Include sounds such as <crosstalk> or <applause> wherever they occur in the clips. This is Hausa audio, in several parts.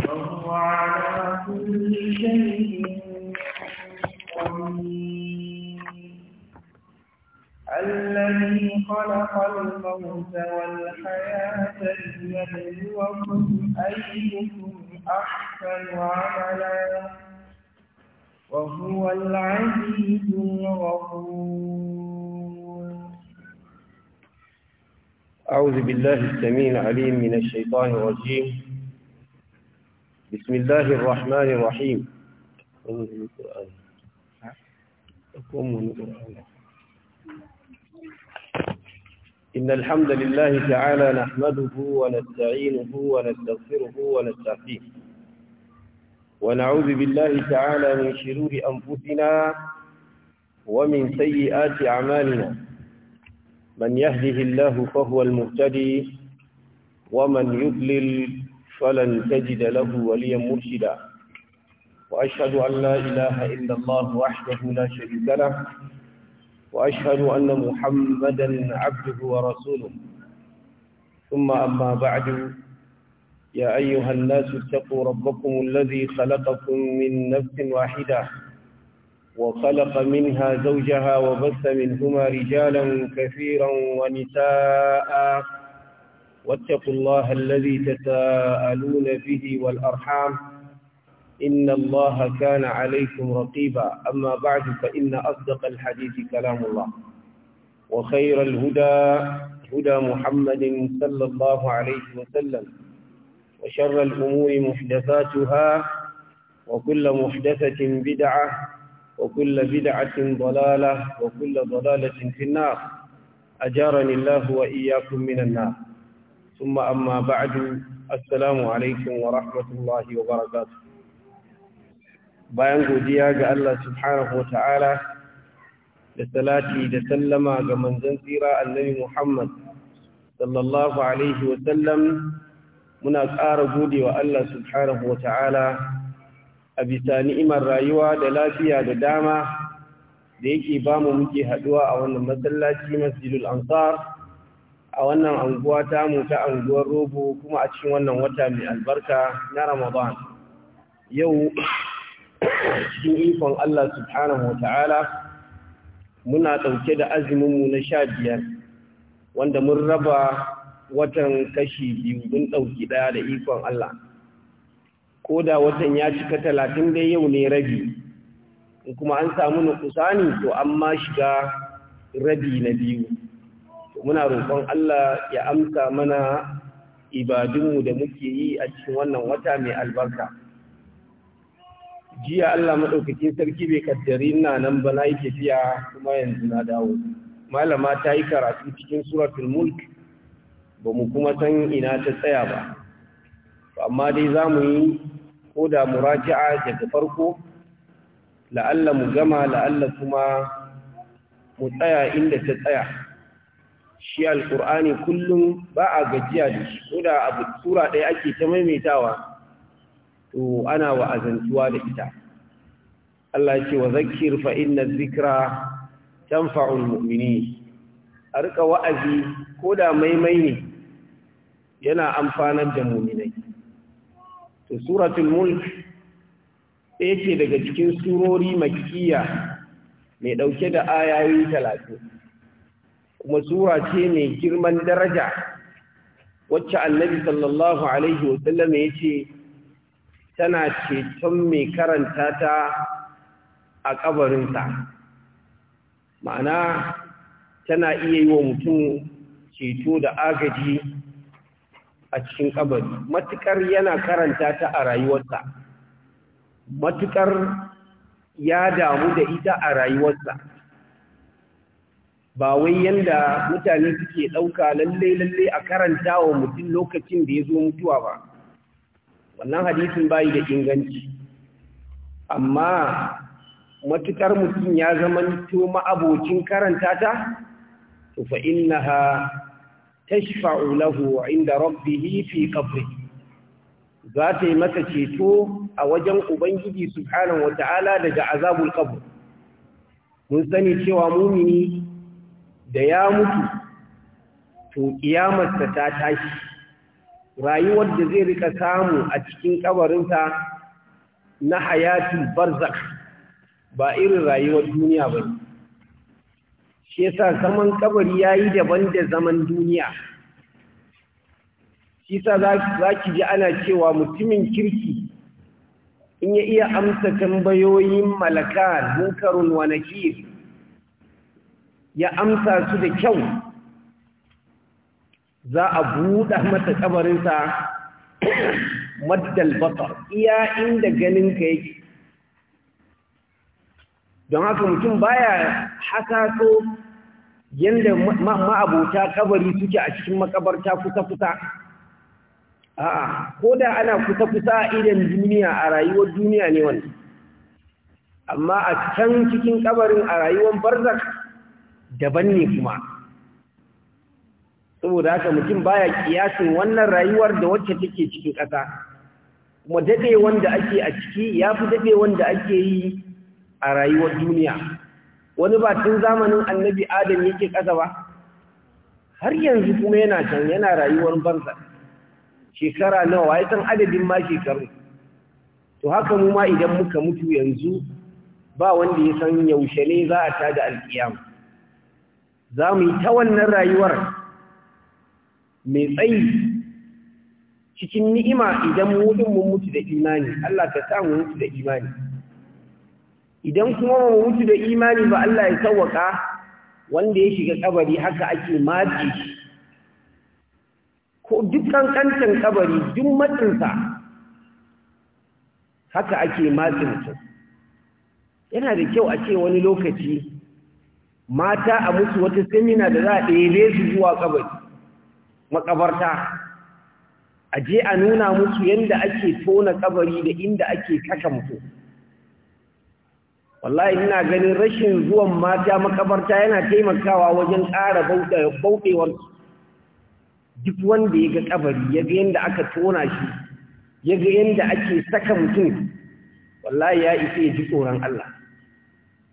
وهو على كل شيء الذي خلق الموت والحياة ليبلوكم أيكم أحسن عملا وهو العزيز الغفور أعوذ بالله السميع العليم من الشيطان الرجيم بسم الله الرحمن الرحيم إن الحمد لله تعالى نحمده ونستعينه ونستغفره ونستغفره ونعوذ بالله تعالى من شرور أنفسنا ومن سيئات أعمالنا من يهده الله فهو المهتدي ومن يضلل فلن تجد له وليا مرشدا وأشهد أن لا إله إلا الله وحده لا شريك له وأشهد أن محمدا عبده ورسوله ثم أما بعد يا أيها الناس اتقوا ربكم الذي خلقكم من نفس واحدة وخلق منها زوجها وبث منهما رجالا كثيرا ونساء واتقوا الله الذي تساءلون به والأرحام إن الله كان عليكم رقيبا أما بعد فإن أصدق الحديث كلام الله وخير الهدى هدى محمد صلى الله عليه وسلم وشر الأمور محدثاتها وكل محدثة بدعة وكل بدعة ضلالة وكل ضلالة في النار أجارني الله وإياكم من النار ثم أما بعد السلام عليكم ورحمة الله وبركاته bayan godiya ga Allah subhanahu wa ta'ala da salati da sallama ga manzon tsira annabi Muhammad sallallahu alaihi wa sallam muna ƙara gode wa Allah subhanahu wa ta'ala a bisa ni'imar rayuwa da lafiya da dama da yake bamu muke haɗuwa a wannan masallaci masjidul ansar a wannan anguwa ta mu ta anguwar rogo kuma a cikin wannan wata mai albarka na ramadan yau cikin ikon Allah subhanahu wa ta'ala muna ɗauke da azuminmu na sha biyar wanda mun raba watan kashi biyu mun ɗauki ɗaya da ikon Allah ko da watan ya cika talatin dai yau ne rabi kuma an samu nukusani to amma shiga rabi na biyu muna roƙon Allah ya amsa mana ibadunmu da muke yi a cikin wannan wata mai albarka jiya Allah maɗaukacin sarki bai kaddari na nan ba na yi tafiya kuma yanzu na dawo malama ta yi karatu cikin suratul mulk ba mu kuma san ina ta tsaya ba amma dai za mu yi ko da muraja'a daga farko la'alla mu gama la'alla kuma mu tsaya inda ta tsaya shi Alƙur'ani kullum ba a gajiya da shi ko da abu tura ɗaya ake ta maimaitawa to ana wa'azantuwa da ita Allah ce wa zakir fa inna zikra tanfa'ul mu'mini a rika wa'azi ko da maimai ne yana amfanar da mu'minai to suratul mulk ɗaya ce daga cikin surori makiyya mai ɗauke da ayayi talatin kuma sura ce mai girman daraja wacce annabi sallallahu alaihi wasallam ya ce tana ceton mai karanta ta a kabarinsa ma'ana tana iya yi wa mutum ceto da agaji a cikin kabari matukar yana karanta ta a rayuwarsa matukar ya damu da ita a rayuwarsa ba wai yanda mutane suke ɗauka lalle-lalle a karanta wa mutum lokacin da ya zo mutuwa ba wannan hadisin bayi da inganci amma matukar mutum ya zama to ma'abocin karanta ta to fa innaha tashfa'u lahu inda rabbih fi qabri za ta yi masa ceto a wajen ubangiji subhanahu wata'ala daga azabul qabr mun sani cewa mumini da ya mutu to ta tashi rayuwar da zai rika samu a cikin kabarinsa na Hayati barzak ba irin rayuwar duniya ba shi yasa zaman kabari yayi daban da zaman duniya shi yasa za ki ji ana cewa mutumin kirki in ya iya amsa tambayoyin malaka munkarun wa nakiri ya amsa su da kyau za a buɗa mata kabarinsa <coughs> maddal basar iya inda ganin ka yake don haka mutum baya hasaso yadda ma'abuta kabari suke a cikin makabarta kusa-kusa a'a ko da ana kusa-kusa idan duniya a rayuwar duniya ne wani, amma a can cikin kabarin a rayuwar barzak daban ne kuma saboda haka mutum baya kiyasin wannan rayuwar da wacce take cikin ƙasa kuma daɗe wanda ake a ciki ya fi daɗe wanda ake yi a rayuwar duniya wani ba tun zamanin annabi adam yake ƙasa ba har yanzu kuma yana can yana rayuwar banza shekara nawa ya san adadin ma shekaru to haka mu ma idan muka mutu yanzu ba wanda ya san yaushe ne za a tada alkiyama za mu yi ta wannan rayuwar mai tsayi cikin ni'ima idan mu mun mutu da imani Allah ka sa mu mutu da imani idan kuma mu mutu da imani ba Allah ya sawwaka wanda ya shiga kabari haka ake maji ko dukkan kancan kabari duk matsinsa haka ake matsi mutum yana da kyau a ce wani lokaci mata a musu wata semina da za a ɗebe su zuwa kabari makabarta a je a nuna musu yadda ake tona kabari da inda ake kashe mutum wallahi ina ganin rashin zuwan mata makabarta yana taimakawa wajen ƙara bauɗewar duk wanda ya ga kabari ya ga yadda aka tona shi ya ga yadda ake saka mutum wallahi ya isa ya ji tsoron Allah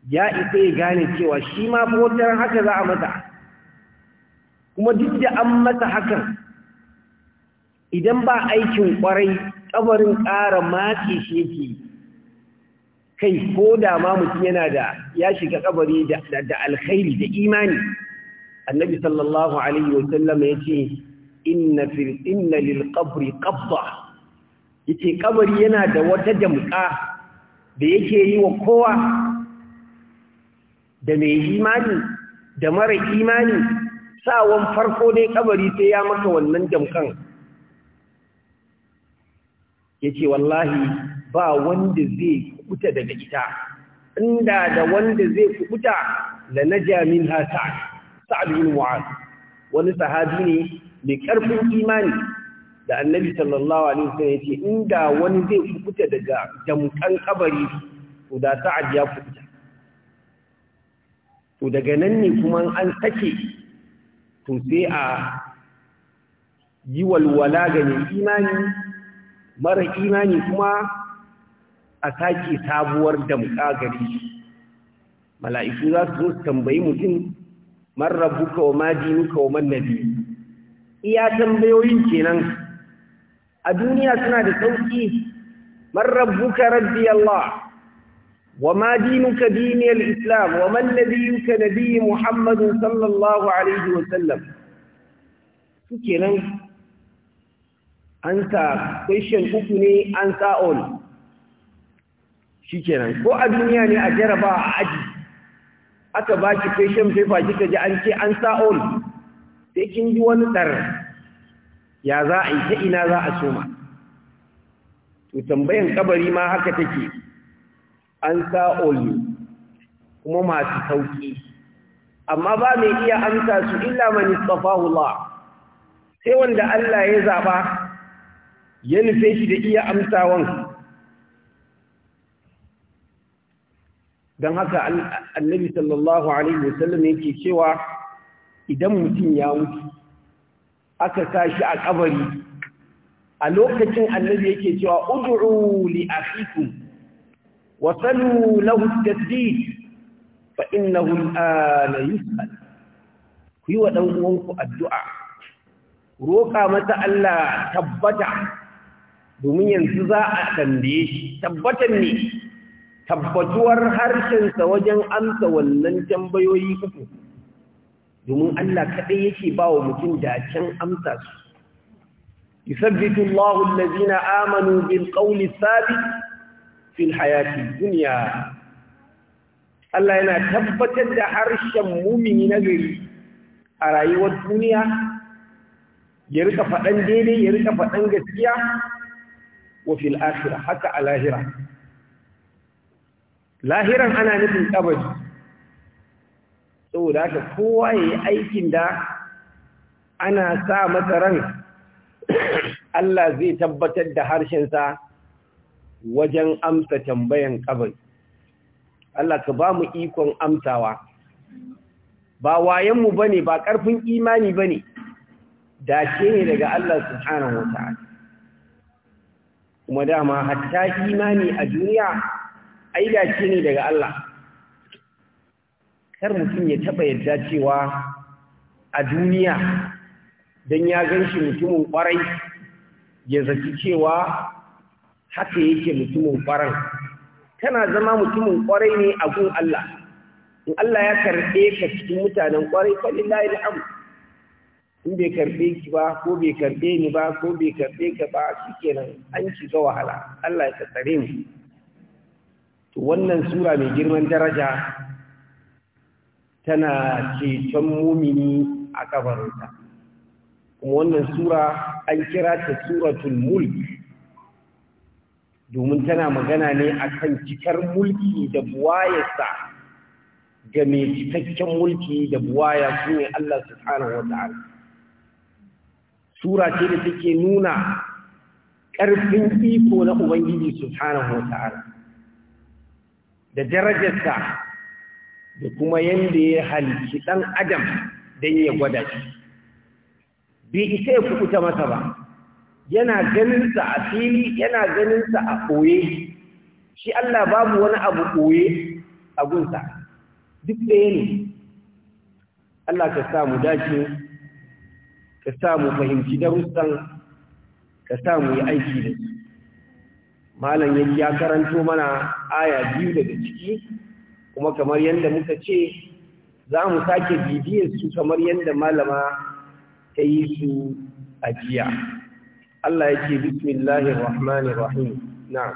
ya isa ya gane cewa shi ma fotar haka za a masa kuma duk da an masa hakan idan ba aikin kwarai kabarin ƙara matse shi yake kai ko da mutum yana da ya shiga kabari da alkhairi da imani annabi sallallahu alaihi wasallam ya ce inna fil inna lil qabri qabda yace kabari yana da wata damƙa da yake yi wa kowa da mai imani da mara imani sawon farko dai kabari sai ya maka wannan ya ce wallahi ba wanda zai kubuta daga ita inda da wanda zai kubuta la naja minha hasa Sa'ad bin mu'az wani sahabi ne mai karfin imani da annabi sallallahu alaihi wasallam yace inda wani zai kubuta daga jamkan kabari to da sa'ad ya kubuta to daga nan ne kuma an sake to sai a yi walwala ga mai imani mara imani kuma a sake sabuwar damka gari mala'iku za su zo su tambayi mutum man rabbuka wa majinuka wa man nabi iya tambayoyin kenan a duniya suna da sauki man rabbuka rabbi Allah وما دينك ديني الإسلام وما نبيك نبي محمد صلى الله عليه وسلم kenan an sa uku ne an sa all shikenan ko a duniya ne a jarabawa a aji aka baki question paper kika ji an ce an sa all sai kin ji wani dar ya za a yi ta ina za a soma to tambayan kabari ma haka take an sa'oli kuma masu sauƙi amma ba mai iya amsa su illa mani tsafahula sai wanda Allah ya zaɓa ya nufe shi da iya amsawan don haka annabi sallallahu alaihi wasallam yake cewa idan mutum ya mutu aka tashi a kabari a lokacin annabi yake cewa ud'u li akhikum وصلوا له التسديد فإنه الآن يسأل في ودوانك الدعاء روكا متى ألا تبتع domin yanzu za a tambaye shi tabbatan ne tabbatuwar harshensa wajen amsa wannan tambayoyi uku domin Allah kaɗai yake ba wa mutum dacen amsa su yusabbitu allazina amanu bil qawli thabit fil hayati duniya Allah yana tabbatar da harshen mumini na gari a rayuwar duniya ya rika faɗan daidai ya rika faɗan gaskiya wa fil akhira haka a lahira lahiran ana nufin kabari saboda haka kowa ya yi aikin da ana sa masa ran Allah zai tabbatar da harshensa wajen amsa tambayan kabari Allah ka ba mu ikon amsawa ba wayenmu bane ba karfin imani bane dace ne daga Allah subhanahu wataala kuma dama hatta imani a duniya ai dace ne daga Allah kar mutum ya taɓa yadda cewa a duniya don ya ganshi mutumin kwarai ya zaci cewa haka yake mutumin kwarai. kana zama mutumin ƙwarai ne a gun Allah in Allah ya karɓe ka cikin mutanen ƙwarai layin abu in bai karɓe ki ba ko bai karɓe ni ba ko bai karɓe ka ba nan an shiga wahala Allah ya tsare mu to wannan sura mai girman daraja tana ceton mumini a kabarinsa kuma wannan sura an kira ta suratul mulk domin tana magana ne a kan cikar mulki da buwayarsa ga mai cikakken mulki da buwaya su ne Allah subhanahu Wata ala. sura ce da take nuna ƙarfin iko na ubangiji subhanahu Wata ala. da darajarsa da kuma yadda ya halici ɗan adam don ya gwada shi bai isa ya kukuta masa ba yana ganinsa a fili yana ganinsa a ɓoye shi Allah babu wani abu ɓoye a gunsa duk ɗaya ne Allah ka sa mu dace ka sa mu fahimci darussan ka sa mu yi aiki da su malam yake ya karanto mana aya biyu daga ciki kuma kamar yadda muka ce za mu sake bibiyar su kamar yadda malama ta yi su a jiya الله يجي بسم الله الرحمن الرحيم نعم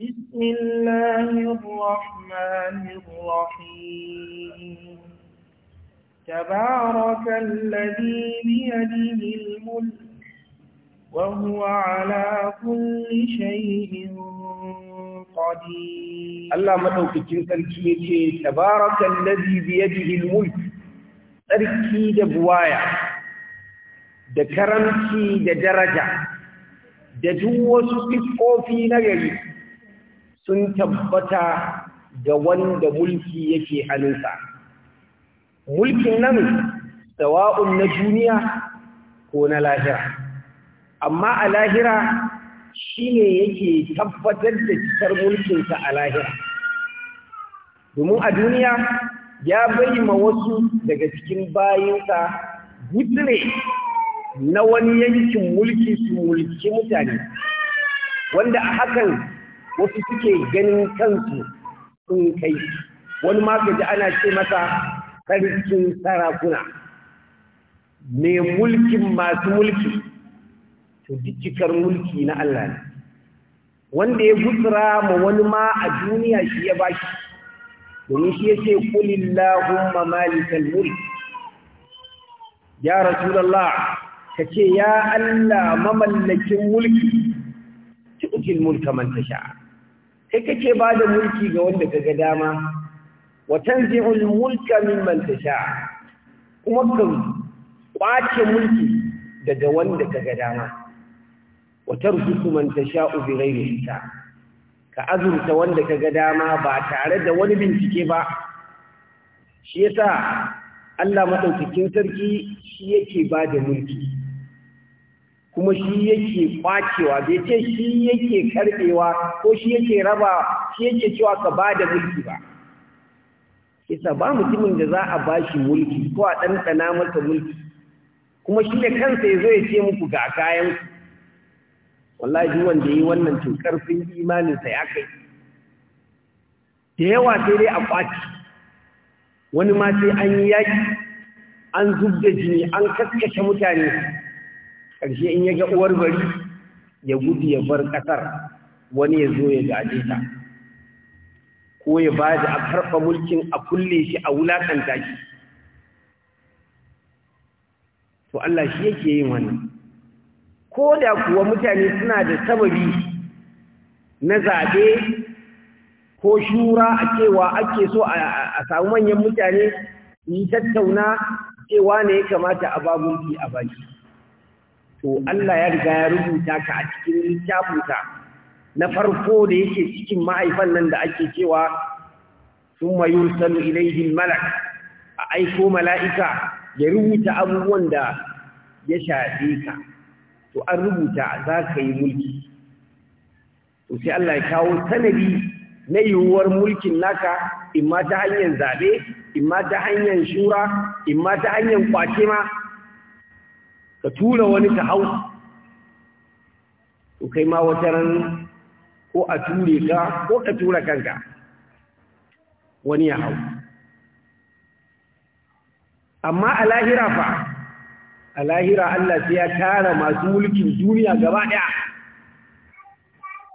بسم الله الرحمن الرحيم تبارك الذي بيده الملك وهو على كل شيء قدير الله مدوك جنسا تبارك الذي بيده الملك تركي دبوايا da karamci da daraja da duk wasu kofi na gari sun tabbata da wanda mulki yake hannunsa mulkin nan sawa'un na duniya ko na lahira amma a lahira shi ne yake tabbatar da cikar mulkinsa a lahira domin a duniya ya bai ma wasu daga cikin bayinsa gutsire na wani yankin mulki su mulki mutane wanda a hakan wasu suke ganin kansu sun kai wani makaji ana ce masa sarkin sarakuna mai mulkin masu mulki to cikar mulki na Allah ne wanda ya gutsura ma wani ma a duniya shi ya bashi domin shi ya ce kulillahumma malikal mulk ya rasulullah ka ce ya Allah mamallakin mulki ukin mulka mantasha. tasha kai kake ba da mulki ga wanda ga dama Watan zihun mulka min mantasha kuma ka kwace mulki daga wanda ga dama Watan tarzuqu man tasha'u bighayri ita ka azurta wanda kaga dama ba tare da wani bincike ba shi yasa Allah maɗaukakin sarki shi yake ba da mulki kuma shi yake kwacewa bai ce shi yake karbewa ko shi yake raba shi yake cewa ka ba da mulki ba isa ba mutumin da za a bashi mulki ko a ɗanɗana masa mulki kuma shi da kansa ya zo ya ce muku ga kayan wallahi duk wanda yi wannan cin karfin imaninsa ya kai da yawa sai dai a kwaci wani ma sai an yi yaki an zub da jini an kaskashe mutane ƙarshe in ya ga uwar bari ya gudu ya bar ƙasar wani ya zo ya gaje ta ko ya ba da a karfa mulkin a kulle shi a wulaƙanta shi to Allah shi yake yin wannan ko da kuwa mutane suna da sababi na zaɓe ko shura a cewa ake so a samu manyan mutane yi tattauna cewa ne ya kamata a babunki a baki to Allah ya riga ya rubuta ka a cikin littafinsa na farko da yake cikin ma'aifan nan da ake cewa sun mayur sanu ilaihin malak a aiko mala'ika ya rubuta abubuwan da ya shafe ka to an rubuta za ka yi mulki to sai Allah ya kawo sanadi na yiwuwar mulkin naka imma ta hanyar zaɓe imma ta hanyar shura imma ta hanyar kwace ma ka tura wani ta hau to kai ma wata ran ko a ture ka ko ka tura kanka wani ya hau amma a lahira fa a lahira Allah sai ya tara masu mulkin duniya gaba ɗaya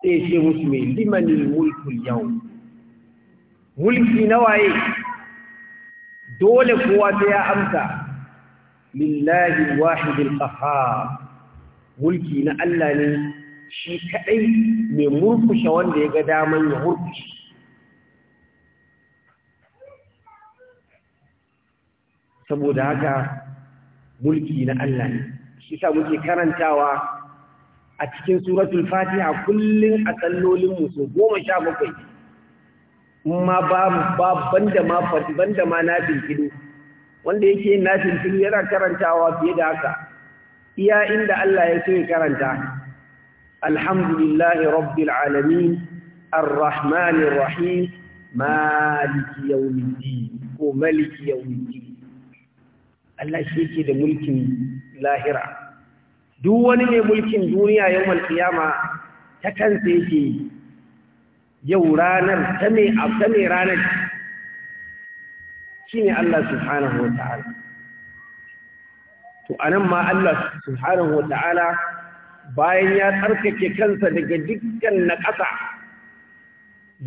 sai ce musu mai limanin mulkul yau mulki na waye dole kowa sai ya amsa lillahi wahidil qahhar mulki na Allah ne shi kadai mai murkushe wanda ya ga daman ya murkushe saboda haka mulki na Allah ne shi sa muke karantawa a cikin suratul fatiha kullum a tsallolin musu goma sha bakwai ma ba ban da ma ma na filkido wanda yake nafilfil yana karantawa fiye da haka iya inda Allah ya so ya karanta alhamdulillahi rabbil alamin arrahmanir rahim maliki yawmiddin ko maliki yawmiddin Allah shi yake da mulkin lahira duk wani ne mulkin duniya yawan kiyama ta kansa yake yau ranar ta mai ranar shine Allah subhanahu wata'ala to anan ma Allah subhanahu wata'ala bayan ya tsarkake kansa daga dukkan naƙasa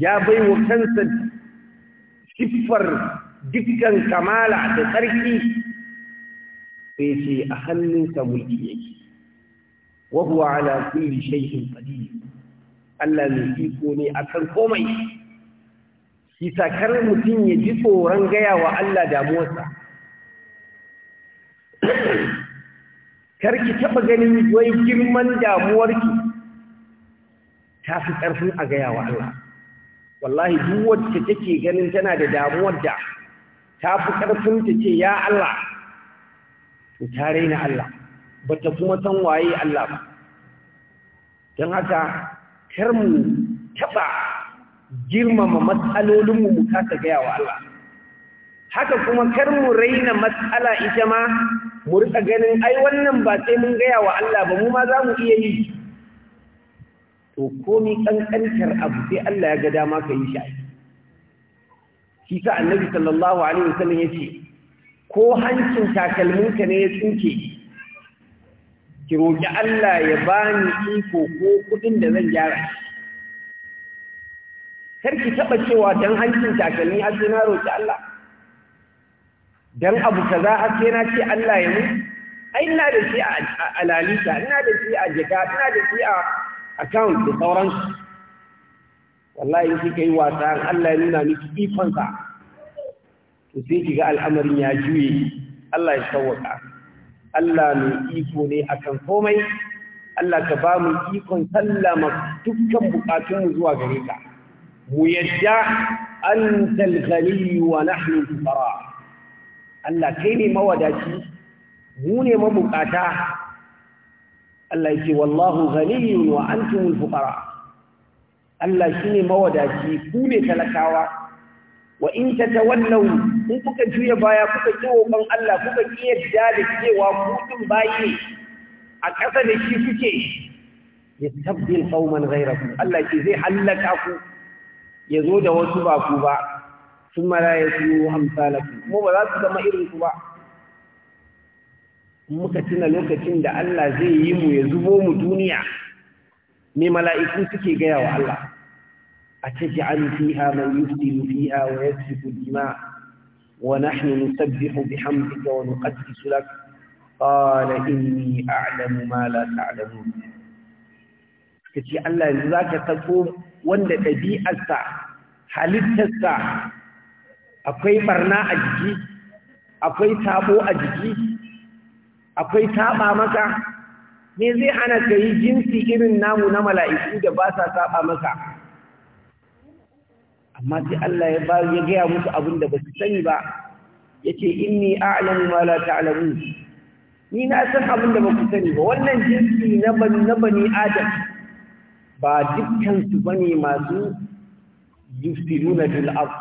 ya baiwa kansa siffar dukkan kamala da tsarki sai ce a hannunsa mulki yake wa huwa ala kulli shay'in qadir Allah mai iko ne akan komai isa kar mutum ya ji tsoron gaya wa Allah damuwarsa karki ki taɓa ganin wai girman damuwarki ta fi ƙarfin a gaya wa Allah wallahi duk wacce take ganin tana da damuwar da ta fi ƙarfin ta ce ya Allah to ta raina Allah Bata kuma san waye Allah ba don haka kar mu taɓa girmama matsalolinmu mu kasa gaya wa Allah haka kuma kar mu raina matsala ita ma mu rika ganin ai wannan ba sai mun gaya wa Allah ba mu ma za mu iya yi to komi kankantar abu sai Allah ya ga dama ka yi shi shi sa annabi sallallahu alaihi wasallam yace ko hancin takalminka ne ya tsinke ki roki Allah ya bani iko ko kudin da zan gyara shi Kar ki taɓa cewa don hancin takalmi har sai na roƙi Allah don abu kaza har sai na ce Allah ya mun ai ina da shi a lalita ina da shi a jika ina da shi a account da sauransu wallahi in kika yi wasa an Allah ya nuna miki sa to sai kiga al'amarin ya juye Allah ya sauwaka Allah ne iko ne akan komai Allah ka ba mu ikon sallama dukkan bukatunmu zuwa gare ka mu yadda an ghani wa nahnu fukara Allah kai ne mawadaci mu ne mabukata Allah yake wallahu ghaniyun wa antumul fuqara Allah shine mawadaci ku ne talakawa wa in tatawallaw in kuka juya baya kuka kiwo ban Allah kuka kiyarda da cewa ku din bayi a ƙasa da shi kuke yastabdil qauman ghayrakum Allah ke zai halaka ku ya zo da wasu ba ku ba sun mara ya su hamsalaku kuma ba za su zama irin ku ba muka tuna lokacin da Allah zai yi mu ya zubo mu duniya me mala'iku suke gaya wa Allah a ciki an fiha man yuftilu fiha wa yasfiku dima wa nahnu nusabbihu bihamdika wa nuqaddisu lak qala inni a'lamu ma la ta'lamun kace Allah yanzu zaka tako wanda ɗabi'arsa halittarsa akwai barna a jiki akwai tabo a jiki akwai taba maka me zai hana ka yi jinsi irin namu na mala'iku da ba sa saba maka amma sai Allah ya ba ya gaya musu abin da ba su sani ba yace inni a'lamu ma la ta'lamun ni na san abin da ba ku sani ba wannan jinsi na na bani adam ba dukkan su bane masu yufsiduna fil ard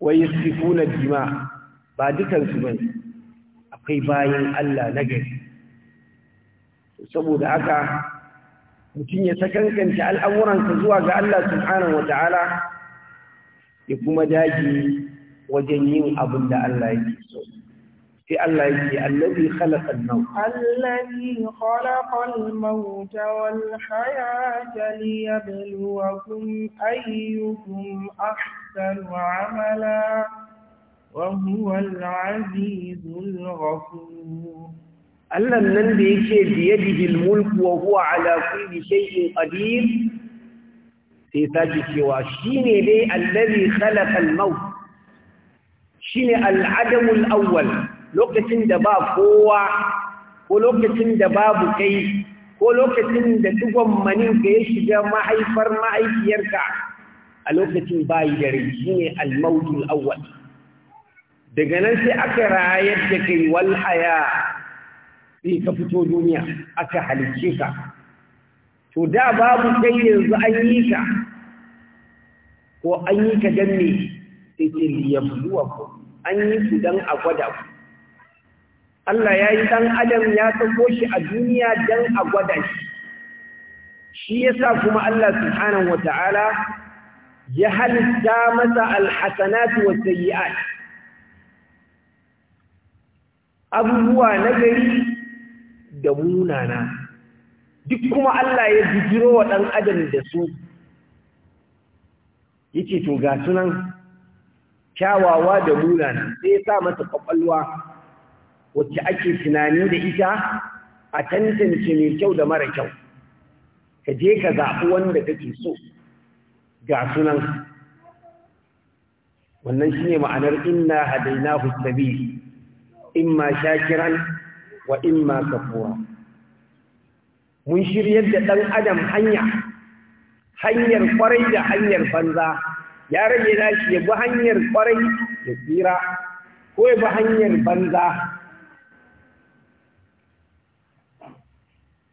wa yasfifuna dima ba dukan su ne, akwai bayan Allah na gari saboda haka mutum ya sakankanta al'amuransa zuwa ga Allah subhanahu wa ta'ala ya kuma daji wajen yin abin da Allah yake so. الله الذي خلق الموت الذي خلق الموت والحياة ليبلوكم أيكم أحسن عملا وهو العزيز الغفور ألا الذي شيء بيده الملك وهو على كل شيء قدير في تاجك وشيني لي الذي خلق الموت شيني العدم الأول lokacin da ba kowa ko lokacin da babu kai ko lokacin da dugon manin ka ya shiga mahaifar mahaifiyarka a lokacin bayi da rai shine awwal daga nan sai aka rayar da kai walhaya sai ka fito duniya aka halicce ka to da babu kai yanzu an yi ka ko an yi ka dan sai ce ku an yi ku dan a gwada ku Allah ya yi ɗan adam ya sako shi a duniya don a gwada shi shi yasa kuma Allah subhanahu wata'ala ya halitta masa alhassanatu wa sayyi'at abubuwa na gari da munana duk kuma Allah ya bijiro wa ɗan adam da su yake to ga sunan kyawawa da munana sai ya sa masa ƙwaƙwalwa. wacce ake tunani da ita a tantance mai kyau da mara kyau ka je ka zaɓi wanda kake so ga sunan wannan shine ma'anar inna hadainahu sabil imma shakiran wa imma kafura mun shiryar da ɗan adam hanya hanyar kwarai da hanyar banza ya rage nashi ya bi hanyar kwarai ya tsira ko ya bi hanyar banza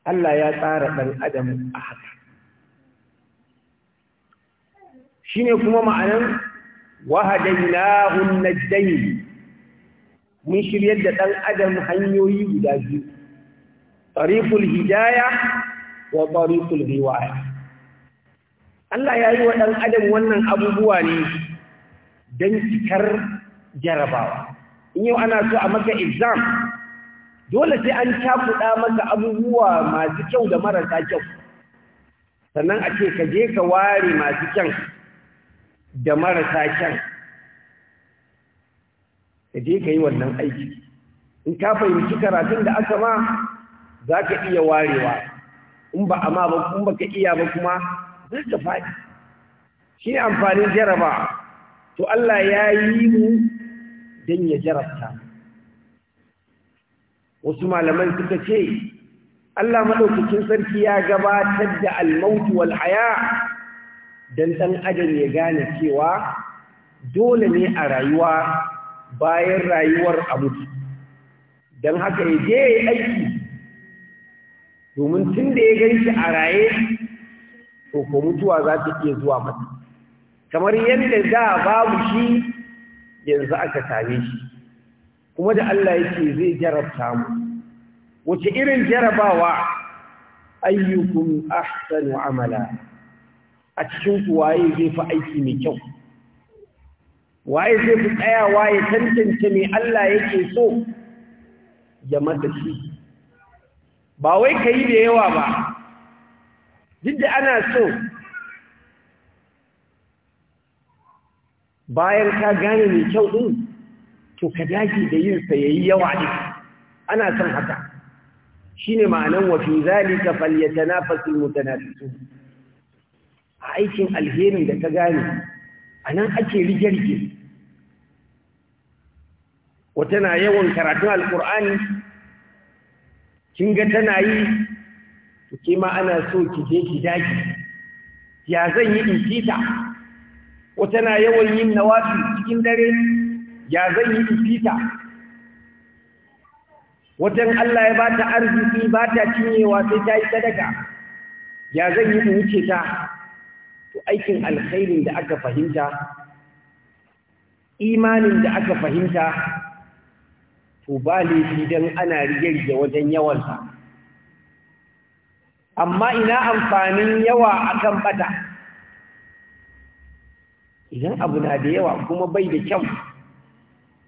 Allah ya tsara ɗan adam a haka shi ne kuma ma'anan na najdain mun shiryar da ɗan adam hanyoyi guda biyu tariqul hidaya wa tariqul riwaya Allah ya yi wa ɗan adam wannan abubuwa ne don cikar jarabawa in yau ana so a maka exam dole sai an cakuɗa maka abubuwa masu kyau da marasa kyau sannan a ce ka je ka ware masu kyan da marasa kyan ka je ka yi wannan aiki in ka fahimci karatun da aka ma za ka iya warewa in ba a ma ba kuma ba ka iya ba kuma zai ka faɗi shi amfanin jaraba to Allah ya yi mu don ya jarabta mu wasu malaman suka ce Allah madaukakin sarki ya gabatar da almautu wal haya dan dan adam ya gane cewa dole ne a rayuwa bayan rayuwar abu dan haka ya je aiki domin tun da ya shi a raye to ko mutuwa za ta iya zuwa mata kamar yadda da babu shi yanzu aka same shi kuma da Allah yake zai jarabta mu wace irin jarabawa ayyukum ahsanu amala a cikin waye zai fi aiki mai kyau waye zai fi tsayawa ya tantance mai Allah yake so ya mata shi ba wai kai da yawa ba duk da ana so bayan ka gane mai kyau din to ka dage da yin sayayi yawa ne ana son haka shine ma'anan wa fi zalika falyatanafasul mutanafisun a aikin alherin da ka gane anan ake rige-rige wata na yawan karatun alkur'ani kin ga tana yi ke ma ana so ki je ki dage ya zan yi in wata na yawan yin nawafi cikin dare ya zan yi fita wajen Allah ya ba bata arziki ta cinyewa sai ta yi sadaka ya zan yi wuce ta to aikin alkhairin da aka fahimta imanin da aka fahimta to ba laifi don ana rige-rige wajen yawansa amma ina amfanin yawa akan bata idan abu na da yawa kuma bai da kyau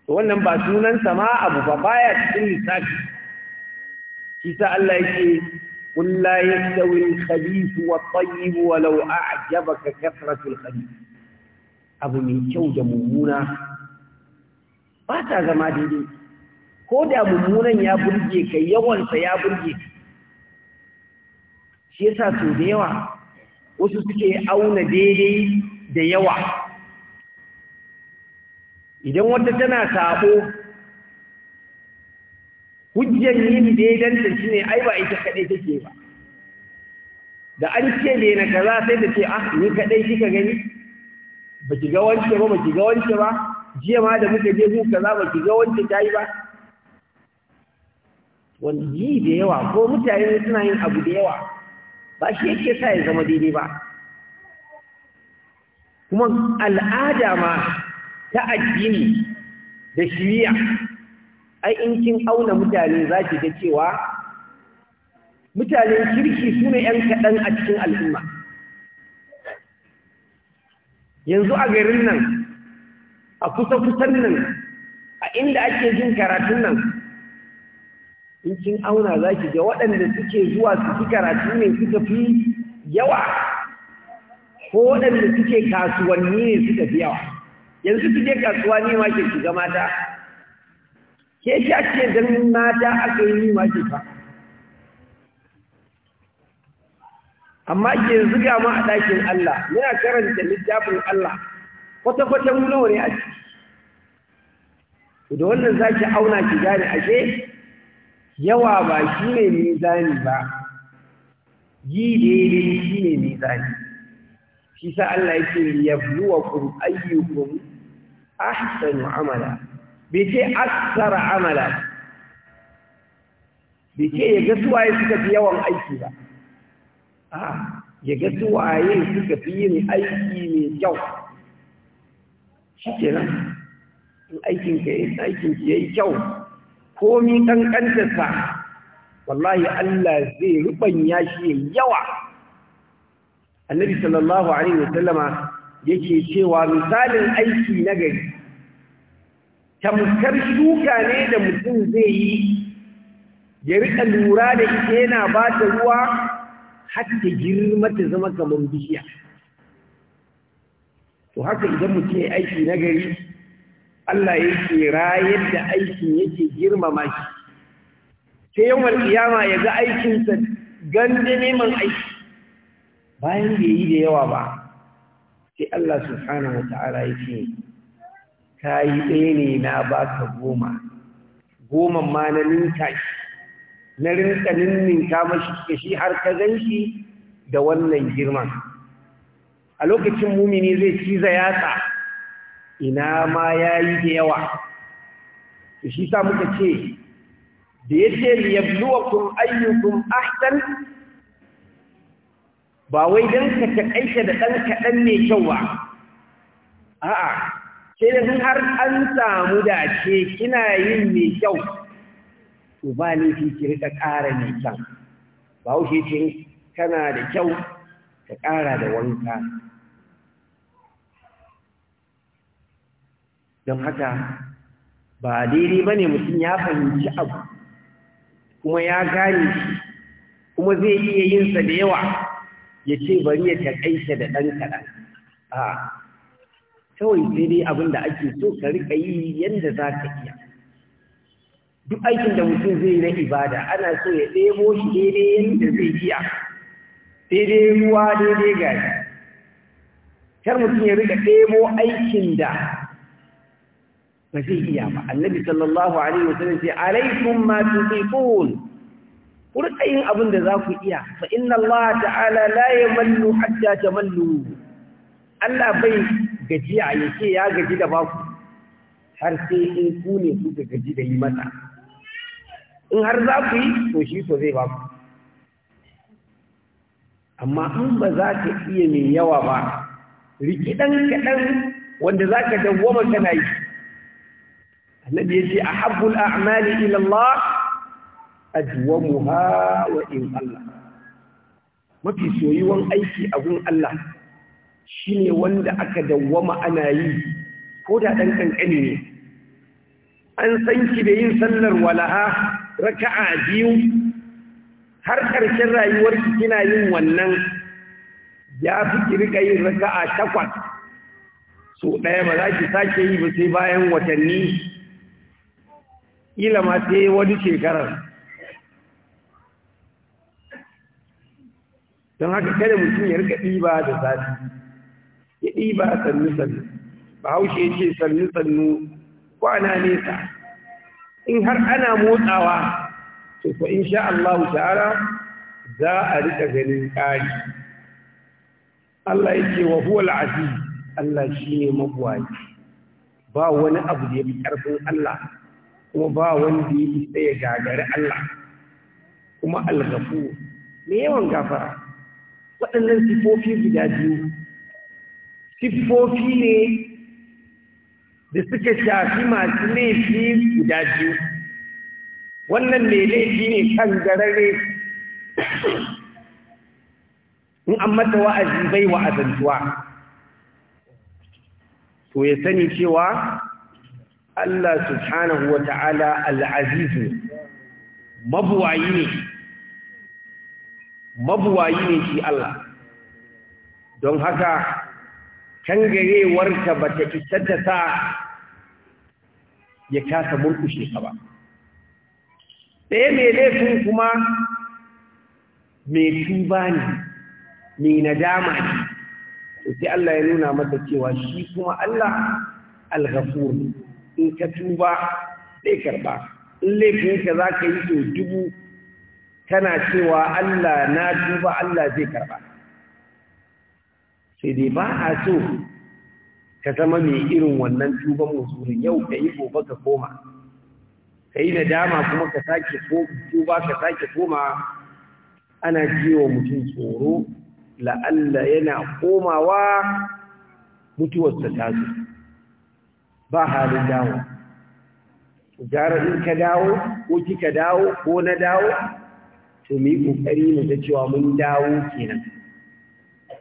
wannan ba sunan sa ma abu ba baya cikin litafi shi sa Allah yake kullaye tawil khabith wa tayyib wa law a'jabaka kathratu al khabith abu mai kyau da mumuna ba ta zama dide ko da mumunan ya burge kai yawan sa ya burge shi yasa su da yawa wasu suke auna daidai da yawa idan wata tana sabo hujjar yin daidanta shi ne ai ba ita kaɗai take ba da an ce ne na kaza sai da ce ah ni kaɗai kika gani ba ki ga wance ba ba ki ga wance ba jiya ma da muka je mu kaza ba ki ga wance ta yi ba wani yi da yawa ko mutane suna yin abu da yawa ba shi yake sa ya zama daidai ba kuma al'ada ma ta addini da shiriya ai in kin auna mutane za ki ga cewa mutanen kirki su ne 'yan kaɗan a cikin al'umma yanzu a garin nan a kusa-kusan nan a inda ake jin karatun nan in kin auna za ki ga waɗanda suke zuwa su fi karatu ne suka fi yawa ko waɗanda suke kasuwanni ne suka fi yawa yanzu kike kasuwa ne ma ke shiga mata ke shi ake ganin mata aka yi ni ma ke fa amma ke zuga ma a ɗakin Allah muna karanta littafin Allah kwata-kwata nawa ne a ciki da wannan za ki auna ki gane ashe yawa ba shi ne mizani ba yi daidai shi ne mizani shi sa Allah yake liyabluwakum ayyukum ahsanu amala bai ce asara amala bai ce ya ga waye suka fi yawan aiki ba a ya ga suwaye suka fi yin aiki mai kyau shi ke nan aikinka ya yi kyau komi sa wallahi Allah zai ruɓanya shi yawa annabi sallallahu alaihi wasallama yake cewa misalin aiki na gari tamkar shuka ne da mutum zai yi ya riƙa lura da ita yana ba ta ruwa har ta girma ta zama kamar bishiya to haka idan mutum ya aiki na gari Allah yake rayar da aikin yake girmama shi sai yawan kiyama ya ga aikinsa gande neman aiki bayan da yi da yawa ba sai Allah subhanahu wa ta'ala ya ce ka yi ɗaya ne na baka goma goma ma na ninka shi na rinka ninninka mashi da shi har ka gan da wannan girman a lokacin mumini zai ciza yatsa ina ma ya yi da yawa shi sa muka ce da ya ce liyabluwakum ayyukum ahsan ba wai don ka taƙaita da ɗan kaɗan ne kyau ba a'a sai da har an samu dace kina yin mai kyau to ba laifi ki rika ƙara mai kyau ba wuce ce kana da kyau ka ƙara da wanka don haka ba daidai ba ne mutum ya fahimci abu kuma ya gane shi kuma zai iya yinsa da yawa ya ce bari ya taƙaita da ɗan kaɗan a kawai sai dai abin da ake so ka riƙa yi yadda za ka iya duk aikin da mutum zai na ibada ana so ya ɗebo shi daidai yadda zai iya daidai ruwa daidai gari kar mutum ya riƙa ɗebo aikin da ba zai iya ba annabi sallallahu alaihi wasallam ce, alaikum ma tuqifun ku yin abin da za ku iya fa inna Allah ta'ala la hajja ta mallu, Allah bai gajiya ce ya gaji da baku har sai in ku ne ga gaji da yi mata. in har za ku yi to shi ko zai baku amma in ba za ka iya mai yawa ba rikidan kaɗan wanda za ka dawwama kana yi annabi ya ce a habbul a'mali ilallah ajwamuha wa in Allah mafi soyuwan aiki a gun Allah shine wanda aka dawwama ana yi ko da dan kankani ne an san ki da yin sallar walaha raka'a biyu har ƙarshen rayuwarki kina yin wannan ya fi kirka yin raka'a takwas so ɗaya ba za ki sake yi ba sai bayan watanni ƙila ma sai wani shekarar don haka kada mutum ya rika ɗiba da zafi ya ɗiba sannu-sannu ba haushe ya ce sannu-sannu kwana nesa in har ana motsawa to fa in sha Allah ta'ala za a rika ganin ƙari Allah ya ce wa huwa al'aziz Allah shi ne mabuwayi ba wani abu da ya fi ƙarfin Allah kuma ba wanda ya fi tsaye gagari Allah kuma algafu ghafur me yawan gafara waɗannan sifofi guda biyu sifofi ne da suka shafi masu laifi guda biyu wannan mai laifi ne kan garare in an mata wa'azi bai wa'azantuwa to ya sani cewa Allah subhanahu wa ta'ala al'azizu mabuwayi ne mabuwayi ne shi Allah don haka kangarewarka ba ta isa ta sa ya kasa murkushe ka ba ɗaya mai laifin kuma mai tuba ne mai nadama ne sai Allah ya nuna masa cewa shi kuma Allah alghafur in ka tuba zai karba in laifinka za ka yi so dubu tana cewa Allah na duba Allah zai karba sai dai ba a so ka zama mai irin wannan tuban musulun yau ka yi gobe ka koma ka yi nadama kuma ka sake tuba ka sake koma ana jiwa mutum tsoro la'alla yana komawa mutuwarsa ta zo ba halin dawo gara in ka dawo ko kika dawo ko na dawo to mu yi ƙoƙari mu ga cewa mun dawo kenan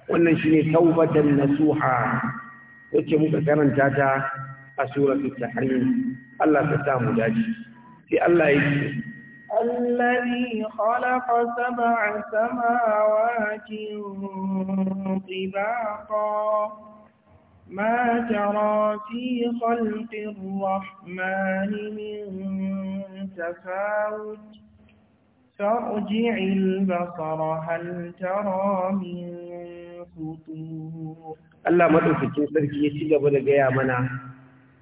wannan shine taubatan nasuha wacce muka karanta ta a suratul tahrim Allah ta sa mu dace sai Allah yake الذي خلق سبع سماوات طباقا ما ترى في خلق الرحمن من تفاوت فارجع البصر هل ترى من فطور Allah madaukakin sarki ya ci gaba da gaya mana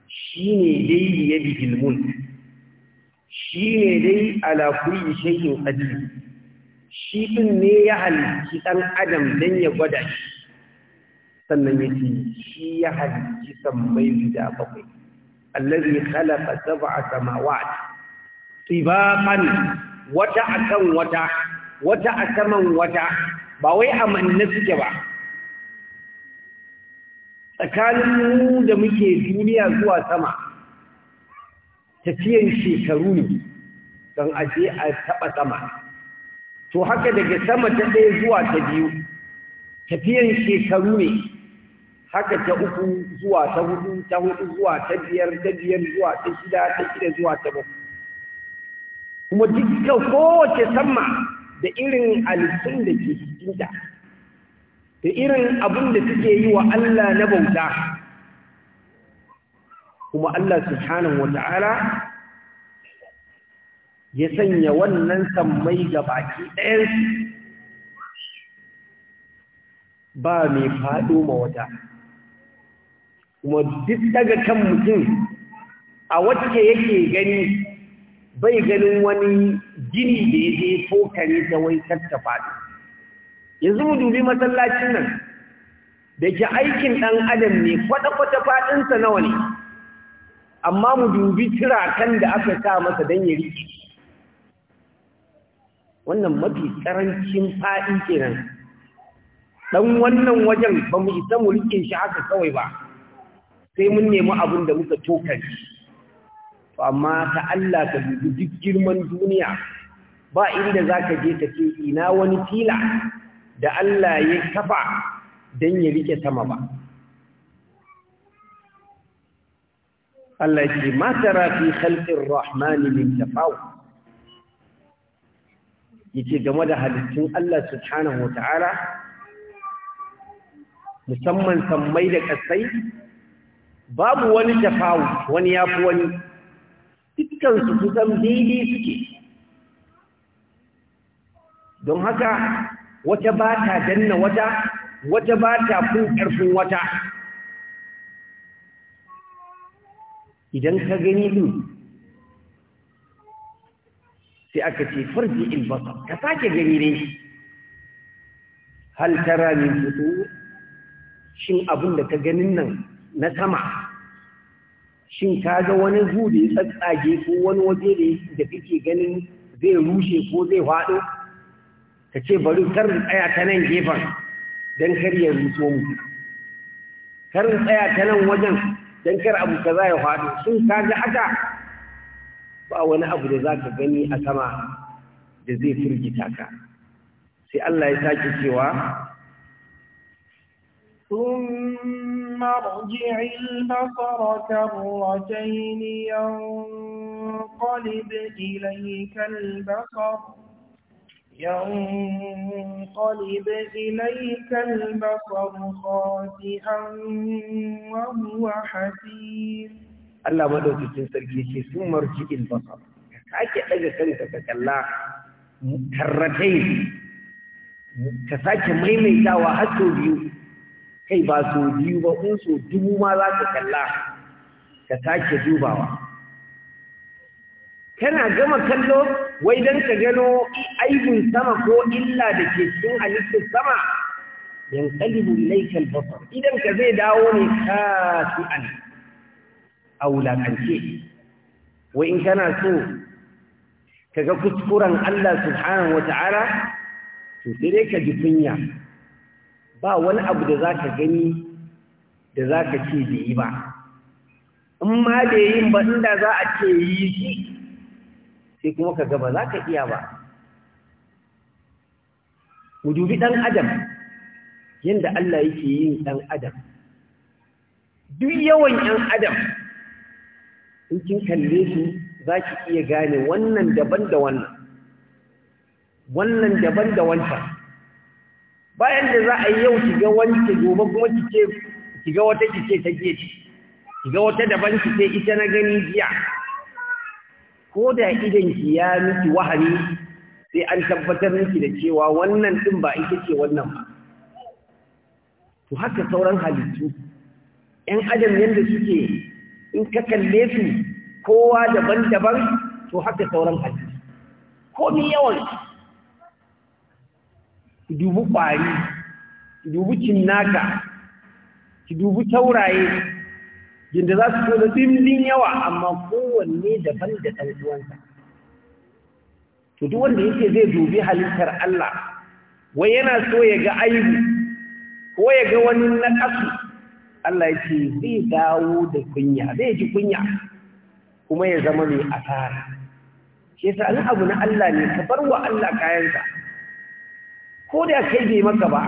shine dai yadihil mulk shine dai ala kulli shay'in qadir shi din ne ya halici dan adam dan ya gwada shi sannan yace shi ya halici mai guda bakwai allazi khalaqa sab'a samawat tibaqan wata akan wata wata a saman wata ba wai amanna suke ba tsakanin mu da muke duniya zuwa sama tafiyan shekaru ne don aje a taɓa sama to haka daga sama ta ɗaya zuwa ta biyu tafiyan shekaru ne haka ta uku zuwa ta hudu ta hudu zuwa ta biyar ta biyar zuwa ta shida ta shida zuwa ta bakwai kuma dukkan kowace sama da irin halittun da ke cikinta da irin abin da suke yi wa Allah na bauta kuma Allah subhanahu wata'ala ya sanya wannan sammai ga baki ɗayan ba mai faɗo ma wata kuma duk daga kan mutum a wacce yake gani bai ganin wani gini da ya je tokare ta wai katta faɗi yanzu mu dubi masallacin nan da ke aikin ɗan adam ne kwata-kwata faɗinsa nawa ne amma mu dubi turakan da aka sa masa don ya riƙe wannan mafi ƙarancin faɗi kenan ɗan wannan wajen ba mu isa mu riƙe shi haka kawai ba sai mun nemi abin da muka tokare to amma ta Allah ka dubi duk girman duniya ba inda za ka je ka ce ina wani fila da Allah ya kafa dan ya rike sama ba Allah ce ma tara fi khalqir rahmani min tafawut yake game da halittun Allah subhanahu wa ta'ala musamman sammai da ƙasai babu wani tafawu wani ya wani dukkan kusan daidai suke don haka wata ba ta danna wata wata ba ta kun ƙarfin wata idan ka gani din sai aka ce farji ilbasa ka sake gani ne hal tara min fito shin abin da ka ganin nan na sama shin ka ga wani ya tsatsage ko wani waje da kake ganin zai rushe ko zai faɗo ka ce bari karin tsaya ta nan gefen don kar ya ruso mu karin tsaya ta nan wajen don kar abu kaza ya faɗo shin ka ga haka ba wani abu da za ka gani a sama da zai firgita ka sai Allah ya sake cewa ثم ارجع البصر كرتين ينقلب إليك البصر ينقلب إليك البصر خاسئا وهو حسير Allah madaukakin sarki ce sun marji ilbasa sake daga kanka ka kalla karratai ka sake maimaitawa biyu kai ba so biyu ba in so dubu ma za ka kalla ka sake dubawa kana gama kallo wai don ka gano aibin sama ko illa da ke cikin halittar sama yanqalibu ilayka al-basar idan ka zai dawo ne kasi'an a wulaƙance. wai in kana so kaga kuskuren Allah subhanahu wata'ala to sai dai ka ji kunya ba wani abu da za ka gani da za ka ce da yi ba in ma da yin ba inda za a ce yi shi sai kuma ka gaba za ka iya ba mu ɗan adam yadda Allah yake yin ɗan adam duk yawan ‘yan adam in kin kalle su za ki iya gane wannan daban da wannan wannan daban da wancan bayan da za a yi yau kiga wani gobe kuma kike kiga wata kike ta ke kiga wata daban kike ita na gani jiya ko da idan ki ya miki wahari sai an tabbatar miki da cewa wannan din ba ita ce wannan ba to haka sauran halittu ‘yan adam yadda suke in ka kalle su kowa daban-daban to haka sauran halittu komi yawan ki dubi ƙwari ki dubi cinnaka ki dubi tauraye yadda za su zo da yawa amma kowanne daban da ɗan Tudu wanda yake zai dubi halittar Allah wai yana so ya ga aibu ko ya ga wani na ƙasu, Allah ya ce zai dawo da kunya zai ji kunya kuma ya zama mai asara shi yasa abu na Allah ne ka bar wa Allah kayansa ko da kai bai maka ba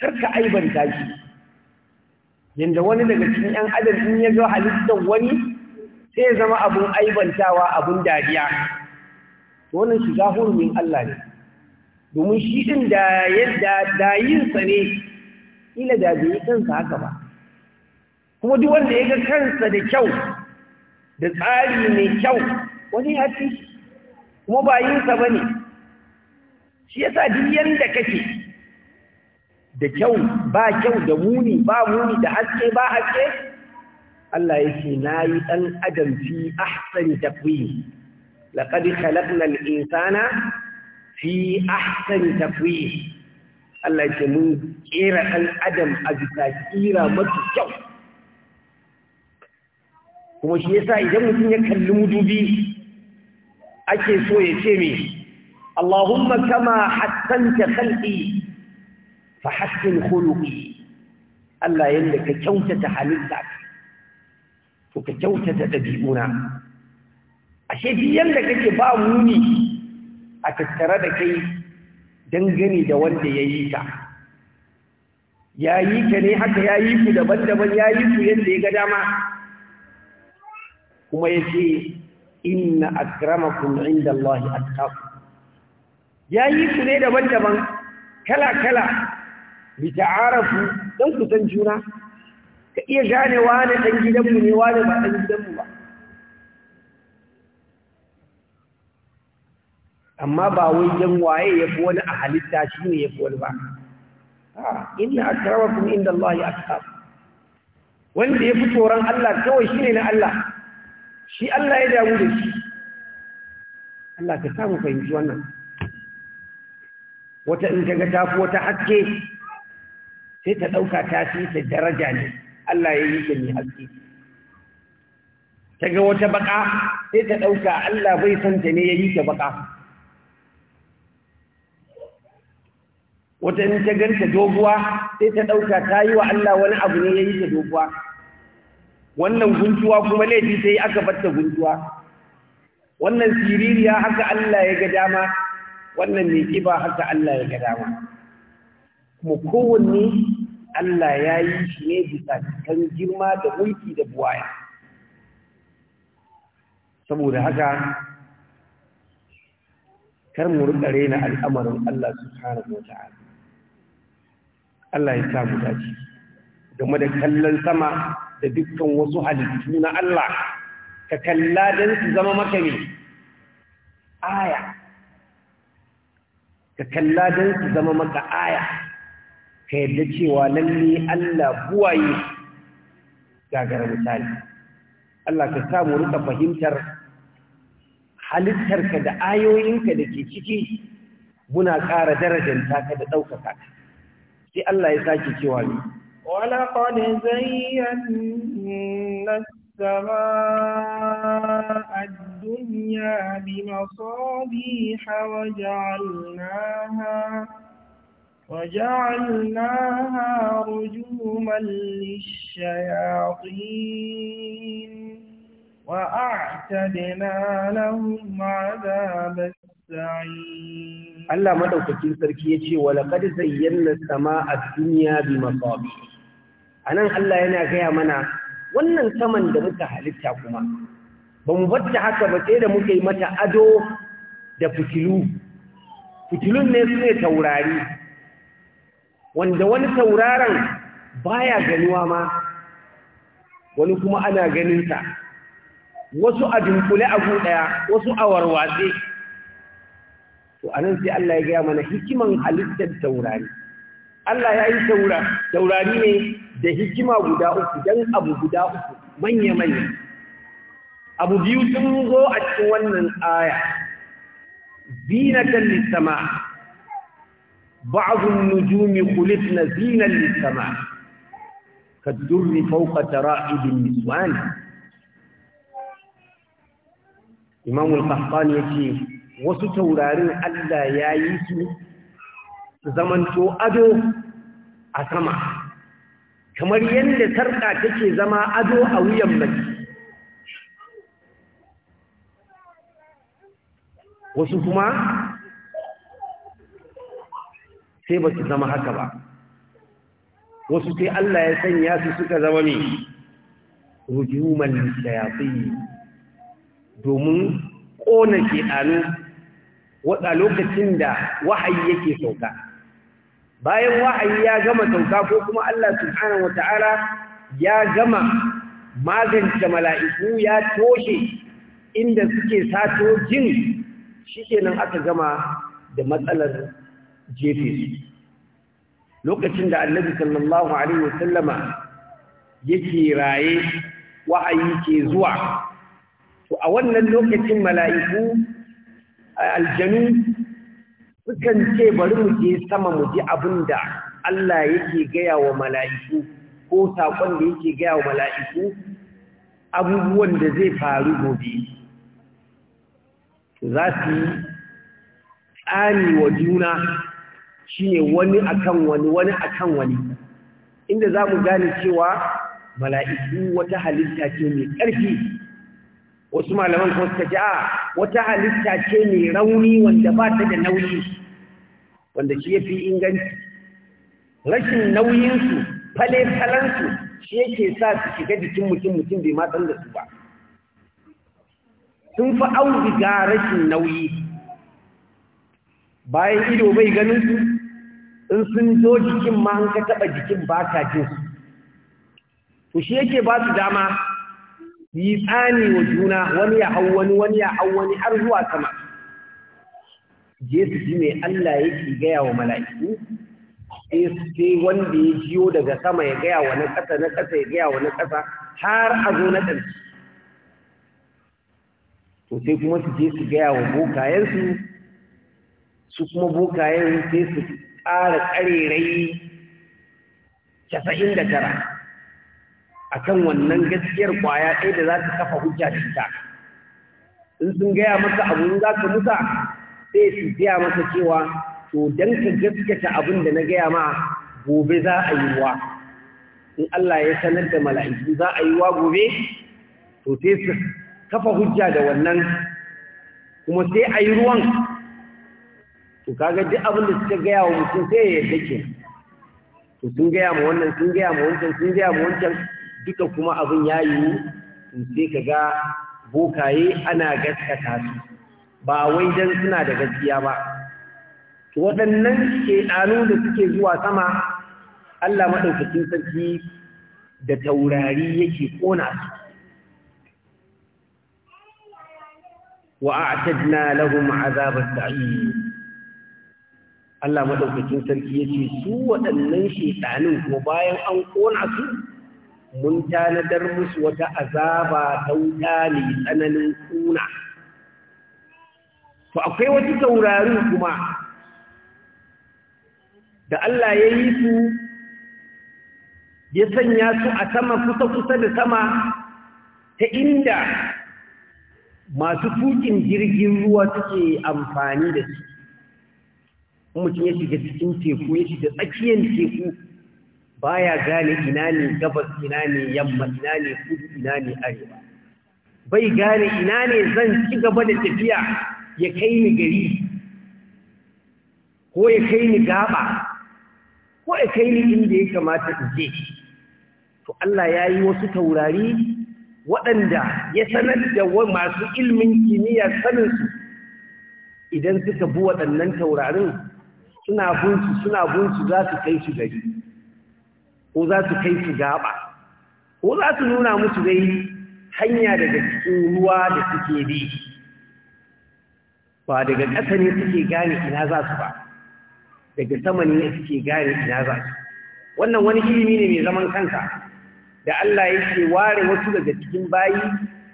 kar ka aibanta shi yanda wani daga cikin yan adam in ya zo halittar wani sai ya zama abun aibantawa abun dariya to wannan shiga hurumin Allah ne domin shi din da yadda dayinsa ne ila da bai kansa haka ba kuma duk wanda ya ga kansa da kyau da tsari mai kyau wani ya kuma ba yinsa ba ne shi yasa duk yanda kake da kyau ba kyau da muni ba muni da haske ba haske Allah ya ce na yi ɗan adam fi ahsani tafwi laqad khalaqna insana fi ahsani tafwi Allah ya ce mun kera ɗan adam a bisa kira mafi kyau kuma shi yasa idan mutum ya kalli mudubi ake so ya ce me اللهم كما حسنت خلقي فحسن خلقي Allah yadda ka kyautata halitta to ka kyautata ɗabi'una ashe duk yadda kake ba muni a tattare da kai dangane da wanda ya yi ka ya yi ka ne haka ya yi ku daban-daban ya yi ku yadda ya ga dama kuma ya ce inna akramakum inda Allah ya ya yi su ne daban-daban kala-kala bi ta'arafu don ku san juna ka iya gane wane ɗan gidanmu ne wane ba ɗan gidanmu ba amma ba wai dan waye ya fi wani a halitta shi ne ya fi wani ba inna akramakum inda Allah ya asab wanda ya fi tsoron Allah kawai shi ne na Allah shi Allah ya damu da shi Allah ka samu fahimci wannan wata in ta ga fi wata haske sai ta ɗauka ta fi ta daraja ne Allah ya yi ta mai haske ta ga wata baka sai ta ɗauka Allah bai san ta ne ya yi ta baka wata in ta ganta doguwa sai ta ɗauka ta yi wa Allah wani abu ne ya yi ta doguwa wannan guntuwa kuma laifi sai aka batta guntuwa wannan siririya haka Allah ya ga dama wannan ne kiba haka Allah ya ga dama kuma kowanne Allah ya yi shi ne bisa kan girma da mulki da buwaya saboda haka kar mu rika rena al'amarin Allah subhanahu wata'ala Allah ya samu dace game da kallon sama da dukkan wasu halittu na Allah ka kalla don su zama maka ne aya ka kalla don su zama maka aya ka yadda cewa lalle Allah buwaye gagara misali Allah ka samu rika fahimtar halittarka da ayoyinka da ke ciki muna ƙara darajanta ka da ɗaukaka sai Allah ya sake cewa ne ولقد زينا السماء الدنيا بمصابيح وجعلناها وجعلناها رجوما للشياطين وأعتدنا لهم عذاب السعير الله مدوك في سركية ولقد زينا السماء الدنيا بمصابيح أنا الله ينا غير منا wannan saman da muka halitta kuma ba mu batta haka ba sai da muke mata ado da fitilu fitilun ne sune taurari wanda wani tauraron baya ganuwa ma wani kuma ana ganinta, wasu a dunkule a ɗaya wasu a warwaze to anan sai Allah ya gaya mana hikiman halittar taurari Allah ya yi taurari ne da hikima guda uku don abu guda uku manya-manya abu biyu sun zo a cikin wannan aya zinatan lissama ba'dun nujumi khulitna zinan lissama kadurri tara idin niswan imam al ya yace wasu taurarin Allah yayi su zamanto ado a sama kamar yadda sarka take zama ado a wuyan mace wasu kuma sai ba su zama haka ba wasu sai Allah ya sanya su suka zama ne rujuman shayafi domin ƙona ɗanu waɗa lokacin da wahayi yake sauka bayan wahayi ya gama sauka ko kuma Allah subhanahu wata'ala ya gama magance mala'iku ya toshe inda suke sato jin shi kenan aka gama da matsalar jefe su lokacin da annabi sallallahu alaihi wasallama yake raye wa'ayi ke zuwa to a wannan lokacin mala'iku aljanu sukan ce bari mu je sama mu ji abin da Allah yake gaya wa mala'iku ko saƙon da yake gaya wa mala'iku abubuwan da zai faru gobe za su yi tsani wa juna shine wani kan wani wani akan wani inda za mu gane cewa mala'iku wata halitta ce mai ƙarfi wasu malaman kuma suka a wata halitta ce mai rauni wanda ba ta da nauyi wanda shi ya fi inganci rashin nauyinsu fale-falansu shi yake sa su shiga jikin mutum mutum bai matsan da su ba sun fi auduga rashin nauyi bayan ido bai ganin su in sun zo jikin ma an ka taɓa jikin ba ka jin su to shi yake ba su dama yi tsani wa juna wani ya hau wani wani ya hau wani har zuwa sama je su ji mai Allah yake gaya wa mala'iku sai wanda ya jiyo daga sama ya gaya wa na ƙasa na ƙasa ya gaya wa na ƙasa har a zo na ƙarshe to sai kuma su je su gaya wa bokayensu su kuma bokayen sai su ƙara ƙarerai casa'in da tara a kan wannan gaskiyar ƙwaya ɗaya da za su kafa hujja da ita in sun gaya masa abu za ka musa sai su gaya masa cewa to don ka gaskata abin da na gaya ma gobe za a yi wa in Allah ya sanar da mala'iku za a yi wa gobe to sai su kafa hujja da wannan kuma sai a yi ruwan to kaga duk abin da suka gaya wa mutum sai ya yi ke to sun gaya ma wannan sun gaya ma wancan sun gaya ma wancan duka kuma abin ya yiwu sai ka ga bokaye ana gaskata su ba wai dan suna da gaskiya ba to waɗannan ɗanu da suke zuwa sama Allah maɗaukacin sarki da taurari yake ƙona. su وأعتدنا لهم عذاب السعير Allah maɗaukacin sarki ya ce su waɗannan shekanin ko bayan an ƙona su mun tanadar musu wata azaba ta wuta mai tsananin kuna to akwai wata saurari kuma da Allah ya yi su ya sanya su a sama kusa kusa da sama ta inda masu tukin jirgin ruwa suke amfani da su mutum ya shiga cikin teku ya shiga tsakiyar teku baya gane ina ne gabas ina ne yamma ina ne kudu ina ne arewa bai gane ina ne zan ci gaba da tafiya ya kai ni gari ko ya kai ni gaba ko ya kai ni inda ya kamata in je to Allah ya yi wasu taurari waɗanda ya sanar da masu ilmin kimiyya saninsu idan suka bi waɗannan taurarin suna gunsu suna gunsu za su kai su gari ko za su kai su gaba ko za su nuna musu dai hanya daga cikin ruwa da suke bi ba daga ƙasa ne suke gane ina za su ba daga sama ne suke gane ina za su wannan wani ilimi ne mai zaman kanka da Allah yake ware wasu daga cikin bayi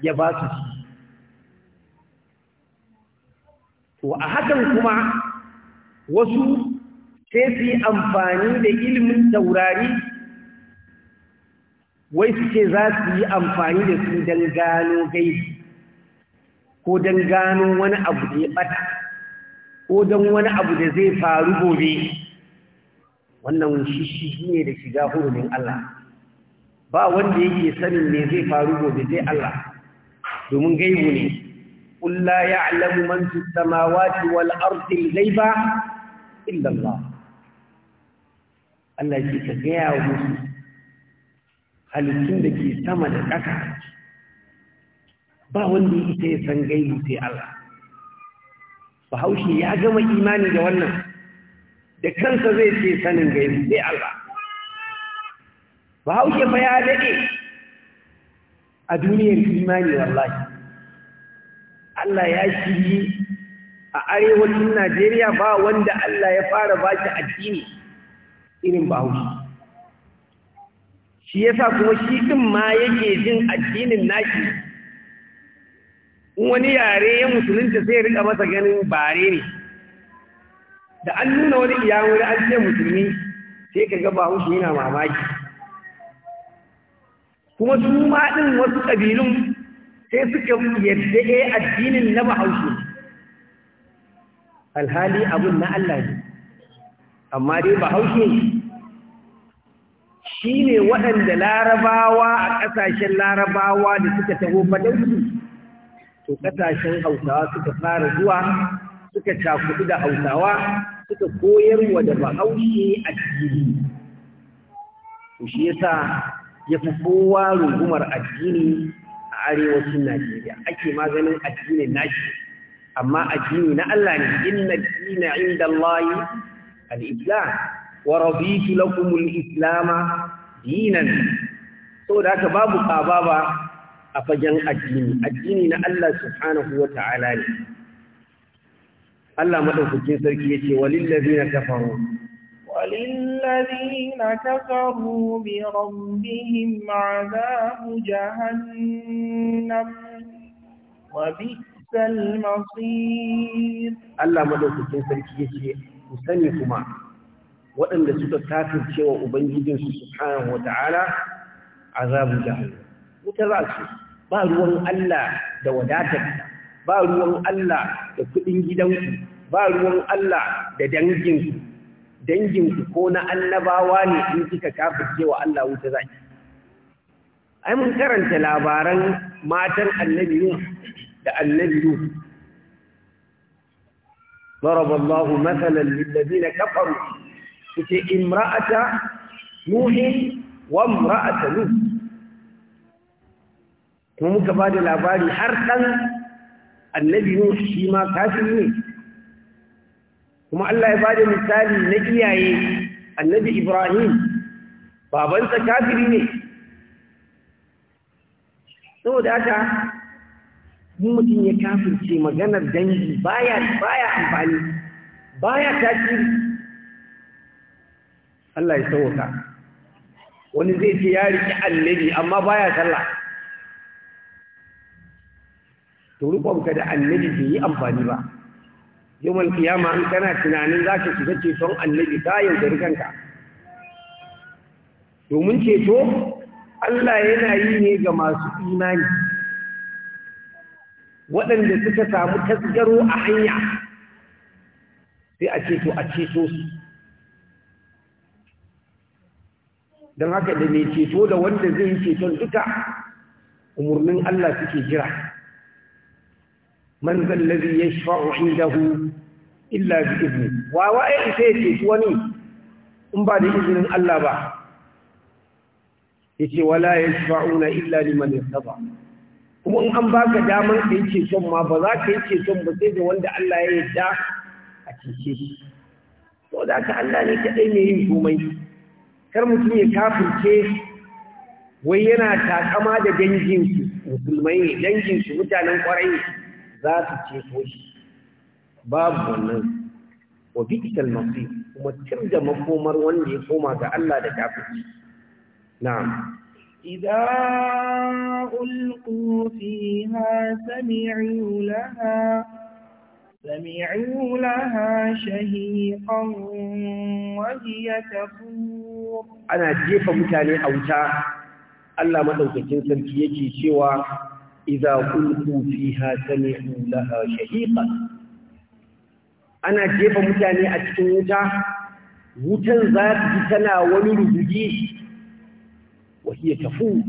ya ba su shi to a hakan kuma wasu sai su yi amfani da ilimin taurari wai su ce za su yi amfani da su don gano gai, ko don gano wani abu da ya bata ko don wani abu da zai faru gobe wannan shi shi ne da shiga hurumin Allah ba wanda yake sanin me zai faru gobe sai Allah domin gaibu ne qul alamu ya'lamu man fis samawati wal ardi ghaiba illa Allah Allah yake ka gaya wa musu halittun da ke sama da ƙasa ba wanda yake ya san gaibu sai Allah bahaushe ya gama imani da wannan da kansa zai ce sanin gaibu sai Allah bahaushe fa ya daɗe a duniyar imani wallahi Allah ya shiri a arewacin Najeriya ba wanda Allah ya fara ba shi addini irin bahaushe shi ya sa kuma shi ɗin ma yake jin addinin nashi wani yare ya musulunta sai rika masa ganin bare ne da an nuna wani iyawuri an ce musulmi sai ka gaba bahaushe yana mamaki kuma su ma ɗin wasu ƙabilun sai suka yadda ya eh, addinin na bahaushe alhali abun na Allah ne amma dai bahaushe shi ne waɗanda larabawa a ƙasashen larabawa da suka taho fadansu to ƙasashen hausawa suka fara zuwa suka cakudu da hausawa suka koyarwa da bahaushe addini to shi yasa ya fi kowa rungumar addini a arewacin Najeriya ake maganin addini nashi amma addini na Allah ne inna dina inda Allah al-islam wa raditu lakum al-islam dinan da haka babu ababa a fagen addini addini na Allah subhanahu wa ta'ala ne Allah maɗaukakin sarki yace walil ladina kafaru وللذين كفروا بربهم عذاب جهنم وبئس المصير الله مدوكتين سركي يجي وسني كما waɗanda suka kafin cewa Ubangijinsu Subhanahu wata'ala azabu jahannam wuta za su ba ruwan Allah da wadatar ba ruwan Allah da kuɗin gidanku ba ruwan Allah da danginsu. danginku ko na annabawa ne in kika kafirce wa Allah wuta zaki ai mun karanta labaran matan annabi Nuh da annabi Nuh ضرب الله مثلا للذين كفروا امرأة نوح وامرأة لوط kuma muka ba da labari har ɗan annabi Nuh shi ma kafin ne kuma Allah ya bada misali na iyaye annabi Ibrahim babansa kafiri ne saboda haka mutum ya kafirce maganar dangi baya baya amfani baya tasiri Allah ya sauka wani zai ce ya riki annabi amma baya sallah to rubanka da annabi bai yi amfani ba Yawan qiyama in kana tunanin zaka shiga ceton annabi ka yaudari kanka domin ceto Allah yana yi ne ga masu imani waɗanda suka samu tasgaro a hanya sai a ceto a ceto su don haka da mai ceto da wanda zai yi ceton duka umarnin Allah suke jira man zallazi ya shafa'u indahu illa bi izni wa wa ai sai ce wani in ba da izinin Allah ba yace wala yashfa'una illa liman yarda kuma in an baka daman ka yi son ma ba za ka yi son ba sai da wanda Allah ya yarda a cece shi to da ka Allah ne kadai ne yin komai kar mutum ya kafirce wai yana takama da dangin su musulmai ne dangin su mutanen kwarai za su ceto shi babu wannan wa bikital masu kuma cin da makomar wanda ya koma ga Allah da kafirci. na. Iza ulku ha sami'i laha sami'i laha shahiƙan wani tafi. Ana jefa mutane a wuta, Allah maɗaukacin sarki yake cewa, Iza ulku ha sami'i laha shahiƙan ana jefa mutane a cikin wuta wutan za ji tana wani rubuji wahiyya tafu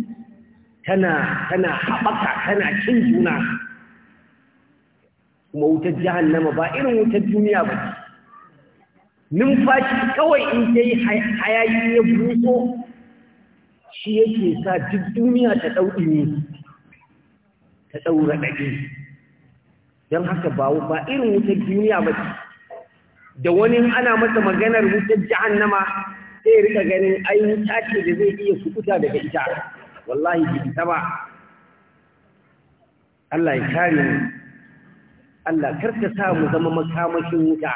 tana tana haɓaka tana cin juna kuma wutar jahannama ba irin wutar duniya ba numfashi kawai in ta yi hayayi ya buso shi yake sa duk duniya ta ɗauɗi ne ta ɗaura ɗaɗe don haka ba irin wutar duniya ba ce da wani ana masa maganar wutar jahannama sai ya rika ganin ai wuta ce da zai iya sukuta daga ita wallahi bai ita ba Allah ya kare mu Allah karka sa mu zama makamashin wuta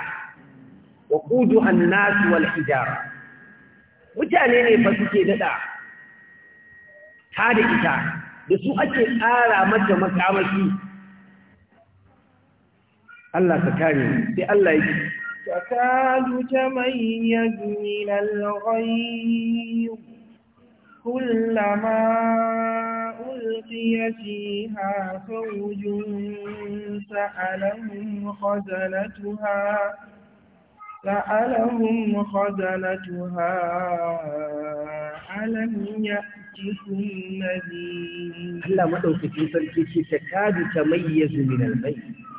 wa qudu an-nas wal hijara mutane ne fa suke dada ta da ita da su ake ƙara mata makamashi Allah ka kare sai Allah ya تكاد تميز من الغيظ كلما ألقي فيها فوج سألهم خزنتها سألهم خزنتها ألم يأتكم نذير لا ما أوصف يسلكي تكاد تميز من الغيظ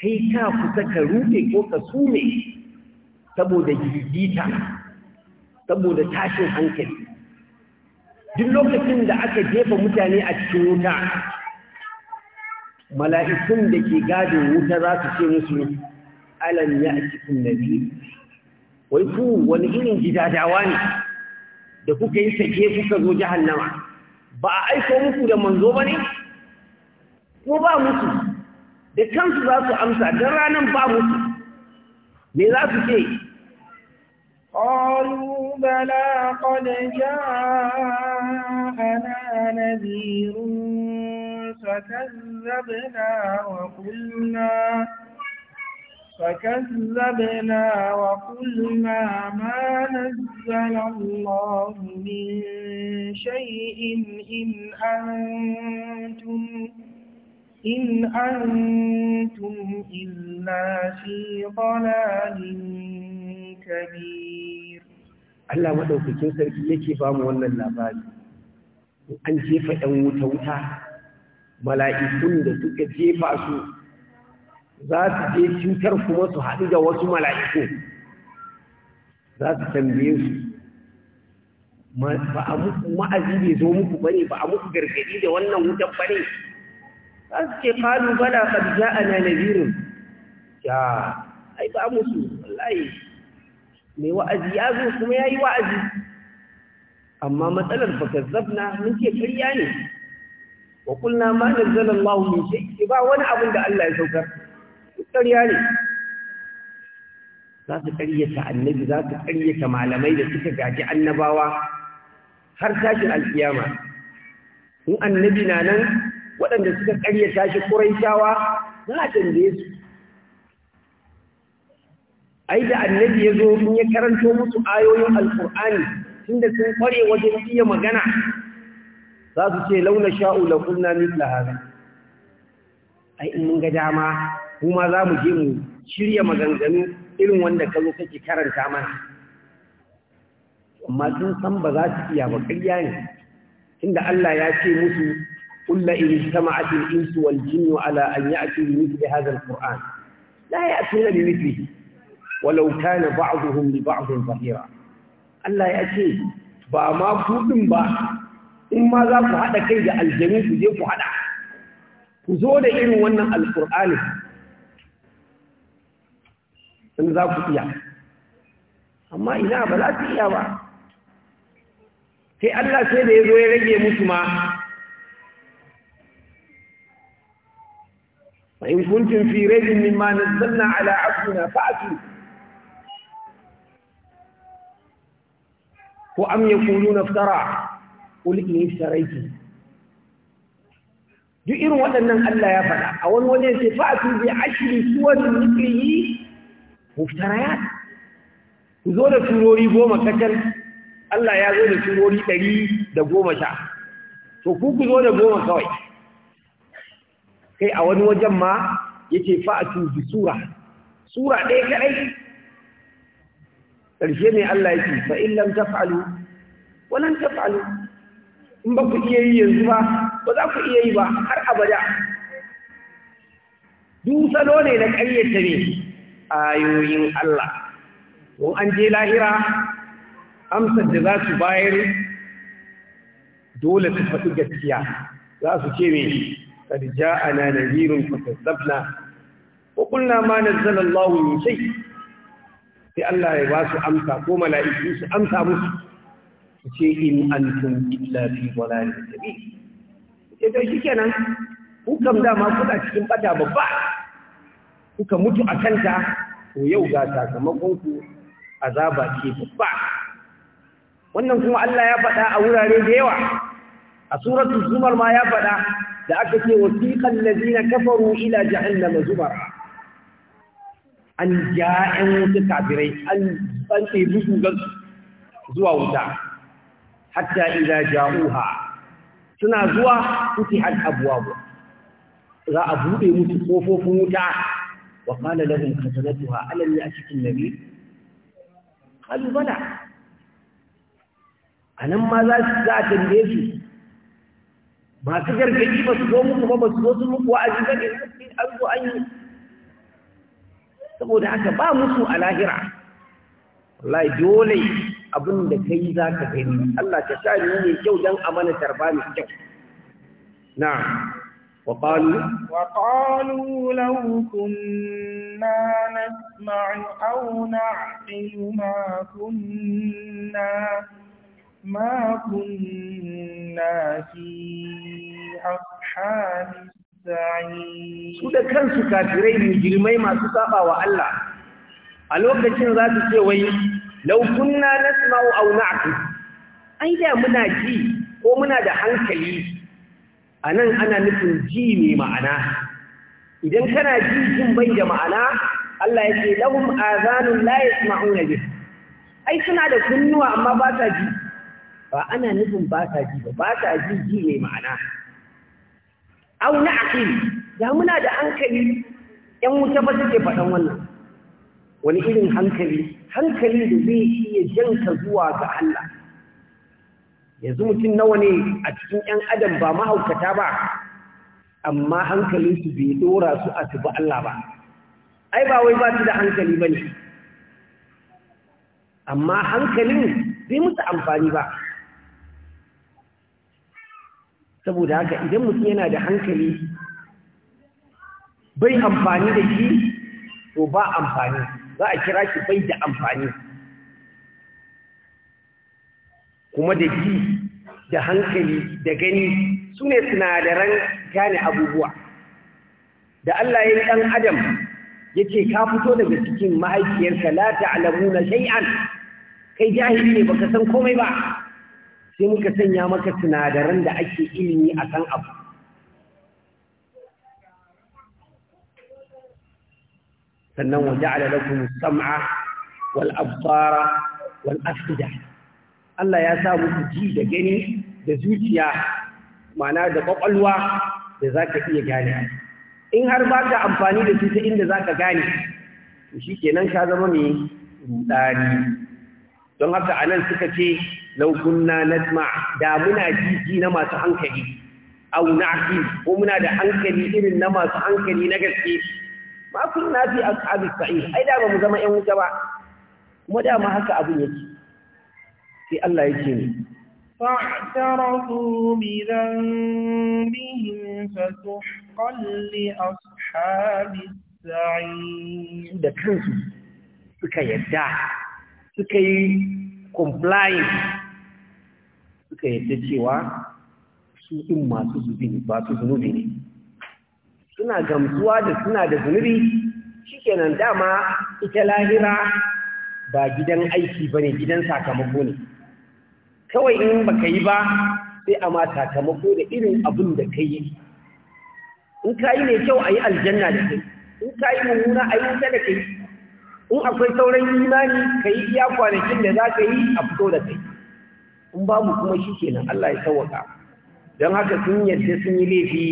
kai ka kusa ka rufe ko ka sume saboda gigita saboda tashin hankali duk lokacin da aka jefa mutane a cikin wuta mala'ikun da ke gadin wuta za su ce musu alam ya cikin nabi wai ku wani irin gidadawa ne da kuka yi sake kuka zo jahannama ba a aiko muku da manzo ba ne ko ba muku da kansu za su amsa don ranar ba su me za su ce قالوا بلى قد جاءنا نذير فكذبنا وقلنا فكذبنا وقلنا ما نزل الله من شيء إن أنتم إن أنتم إلا في ضلال كبير الله ما دوك كين سركي yake bamu wannan labari an jefa 'yan wuta wuta mala'ikun da suka jefa su za su je cutar kuma su haɗu da wasu mala'iku za su tambaye su ba a muku ma'azi bai zo muku bane ba a muku gargadi da wannan wutan bane za su ce kalu bala kad ja'ana nadhirun ya ai ba musu wallahi Me wa'azi ya zo kuma yayi wa'azi amma matsalar fa kazzabna mun ce ƙarya ne wa qulna ma nazzala Allah min shay'in ba wani abin da Allah ya saukar ƙarya ne za su ƙaryata annabi za ta ƙaryata malamai da suka gaji annabawa har tashin alkiyama in annabi na nan waɗanda suka ƙaryata shi ƙuraishawa za a canje su ai da annabi ya zo in ya karanto musu ayoyin alƙur'ani tunda sun kware wajen iya magana za su ce launa sha'u la kunna mithla ai in mun ga dama kuma za mu je mu shirya maganganu irin wanda ka zo kake karanta mana amma sun san ba za su iya ba ƙarya ne tunda Allah ya ce musu قل إن اجتمعت الإنس والجن على أن يأتوا بمثل هذا القرآن لا يأتون بمثله ولو كان بعضهم لبعض ظهيرا Allah ya ce ba ma kuɗin ba in ma za ku haɗa kai da aljami ku je ku haɗa ku zo da irin wannan alƙur'ani in za ku iya amma ina ba za su iya ba sai Allah sai da ya zo ya rage musu ma فإن كنتم في ريب مما نزلنا على عبدنا فأتوا وأم يقولون افترى قل إن اشتريته duk irin waɗannan Allah ya faɗa a wani waje sai fa'atu bi ashri suwatin mithlihi muftarayat ku zo da turori goma kacal Allah ya zo da turori ɗari da goma sha to ku ku zo da goma kawai kai a wani wajen ma yake fa'atu bi sura sura ɗaya kaɗai ƙarshe ne Allah yake fa in lam taf'alu wa lan taf'alu in ba ku iya yi yanzu ba ba za ku iya yi ba har abada du salo ne na ƙaryata ne ayoyin Allah don an je lahira amsar da za su bayar dole su faɗi gaskiya za su ce mai قد جاءنا نذير فكذبنا وقلنا ما نزل الله من شيء sai Allah ya basu su amsa ko mala'iku su amsa musu su ce in antum illa fi dalalin tabi ce to shikenan ku kam dama kuna cikin bata babba kuka mutu a kanta to yau ga sakamakon ku azaba ce babba wannan kuma Allah ya faɗa a wurare da yawa a surar zumar ma ya faɗa da aka ce wasiqan ladina kafaru ila jahannama Zubar. an ja'in wuta kafirai an tsanke musu gansu zuwa wuta hatta idza ja'uha suna zuwa futihat abwaab za a buɗe musu ƙofofin wuta wa qala lahum khazanatuha a ya'tikum nabi qalu bala anan ma za su za tambaye su masu gargaɗi ba su zo muku ba ba su zo su muku wa'azi ba ne an zo an yi saboda haka ba musu a lahira wallahi dole abin da kai za ka gani Allah ta sha ni ne kyau dan amana tarba mai kyau Na وقالوا وقالوا لو كنا نسمع أو نعقل ما كنا ما كنا في ashabi zai su da kansu kafirai ne girmai masu saba wa Allah a lokacin za su ce wai law kunna nasma'u aw na'ti ai da muna ji ko muna da hankali anan ana nufin ji ne ma'ana idan kana ji jin bai da ma'ana Allah yake lahum azanu la yasma'u lahu ai suna da kunnuwa amma ba ji ba ana nufin ba ta ji ba ba ta ji ji ne ma'ana au na aqil da muna da hankali ‘yan wuta ba suke faɗan wannan wani irin hankali hankali da zai iya janka zuwa ga Allah yanzu mutum nawa ne a cikin ‘yan adam ba mahaukata ba amma hankalinsu bai dora su a tuba Allah ba ai ba wai ba su da hankali ba ne amma hankalin bai musu amfani ba saboda haka idan mutum yana da hankali bai amfani da shi to ba amfani za a kira shi bai da amfani kuma da ji da hankali da gani su ne sinadaran gane abubuwa da Allah ya yi ɗan adam ya ce ka fito daga cikin mahaifiyarka la ta'lamuna shay'an kai jahili ne baka san komai ba sai muka sanya maka sinadaran da ake ilimi a kan abu sannan waje alalakun sam'a wal abtara Allah ya sa muku ji da gani da zuciya mana da ƙwaƙwalwa da za ka iya gane in har ba ka amfani da su ta inda za ka gane shi kenan ka zama mai rudani don haka a nan suka ce laukunna najma da muna jiji na masu hankali au na'qi ko muna da hankali irin na masu hankali na gaske ma kunna fi ashabi sa'ir ai da ba mu zama 'yan wuta ba kuma da ma haka abin yake sai Allah yake ne فاعترفوا بذنبهم فسحقا لأصحاب السعير da kansu suka yadda suka yi complying suka yadda cewa su ɗin masu zubi ba su zunubi ne suna gamsuwa da suna da zunubi shikenan dama ita lahira ba gidan aiki ba ne gidan sakamako ne kawai in baka yi ba sai a ma sakamako da irin abin da ka yi in ka yi mai kyau a yi aljanna da kai in ka yi mummuna a yi wuta da kai in akwai sauran imani ka yi iya kwanakin da za ka yi a fito da kai in babu kuma shi kenan Allah ya sauwaka don haka sun yadda sun yi laifi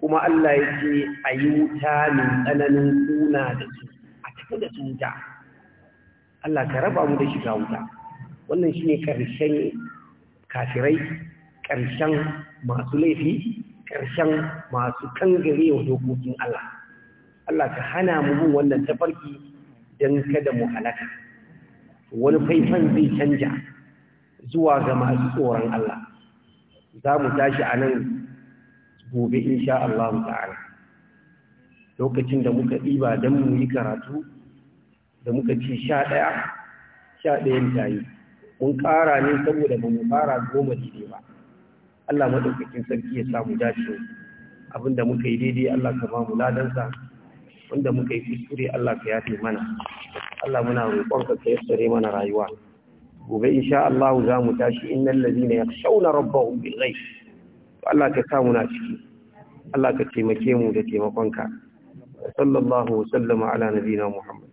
kuma Allah ya ce a yi wuta mai tsananin kuna da su a tafi da su wuta Allah ka raba mu da shiga wuta wannan shi ne ƙarshen kafirai ƙarshen masu laifi ƙarshen masu kangare wa dokokin Allah Allah ka hana mu bin wannan tafarki don kada mu halaka wani faifan zai canja zuwa ga masu tsoron Allah za mu tashi a nan gobe insha Allah ta'ala lokacin da muka ɗiba don mu yi karatu da muka ci sha ɗaya sha ɗayan tayi mun ƙara ne saboda ba mu fara goma daidai ba Allah maɗaukakin sarki ya samu dace abinda muka yi daidai Allah ka ba mu ladansa wanda muka yi kuskure Allah ka yafe mana Allah muna roƙon ka yassare mana rayuwa gobe insha Allah za mu tashi innal ladina yakhshawna rabbahum bil ghaib Allah ka sa muna ciki Allah ka taimake mu da taimakonka sallallahu wa sallama ala nabiyina muhammad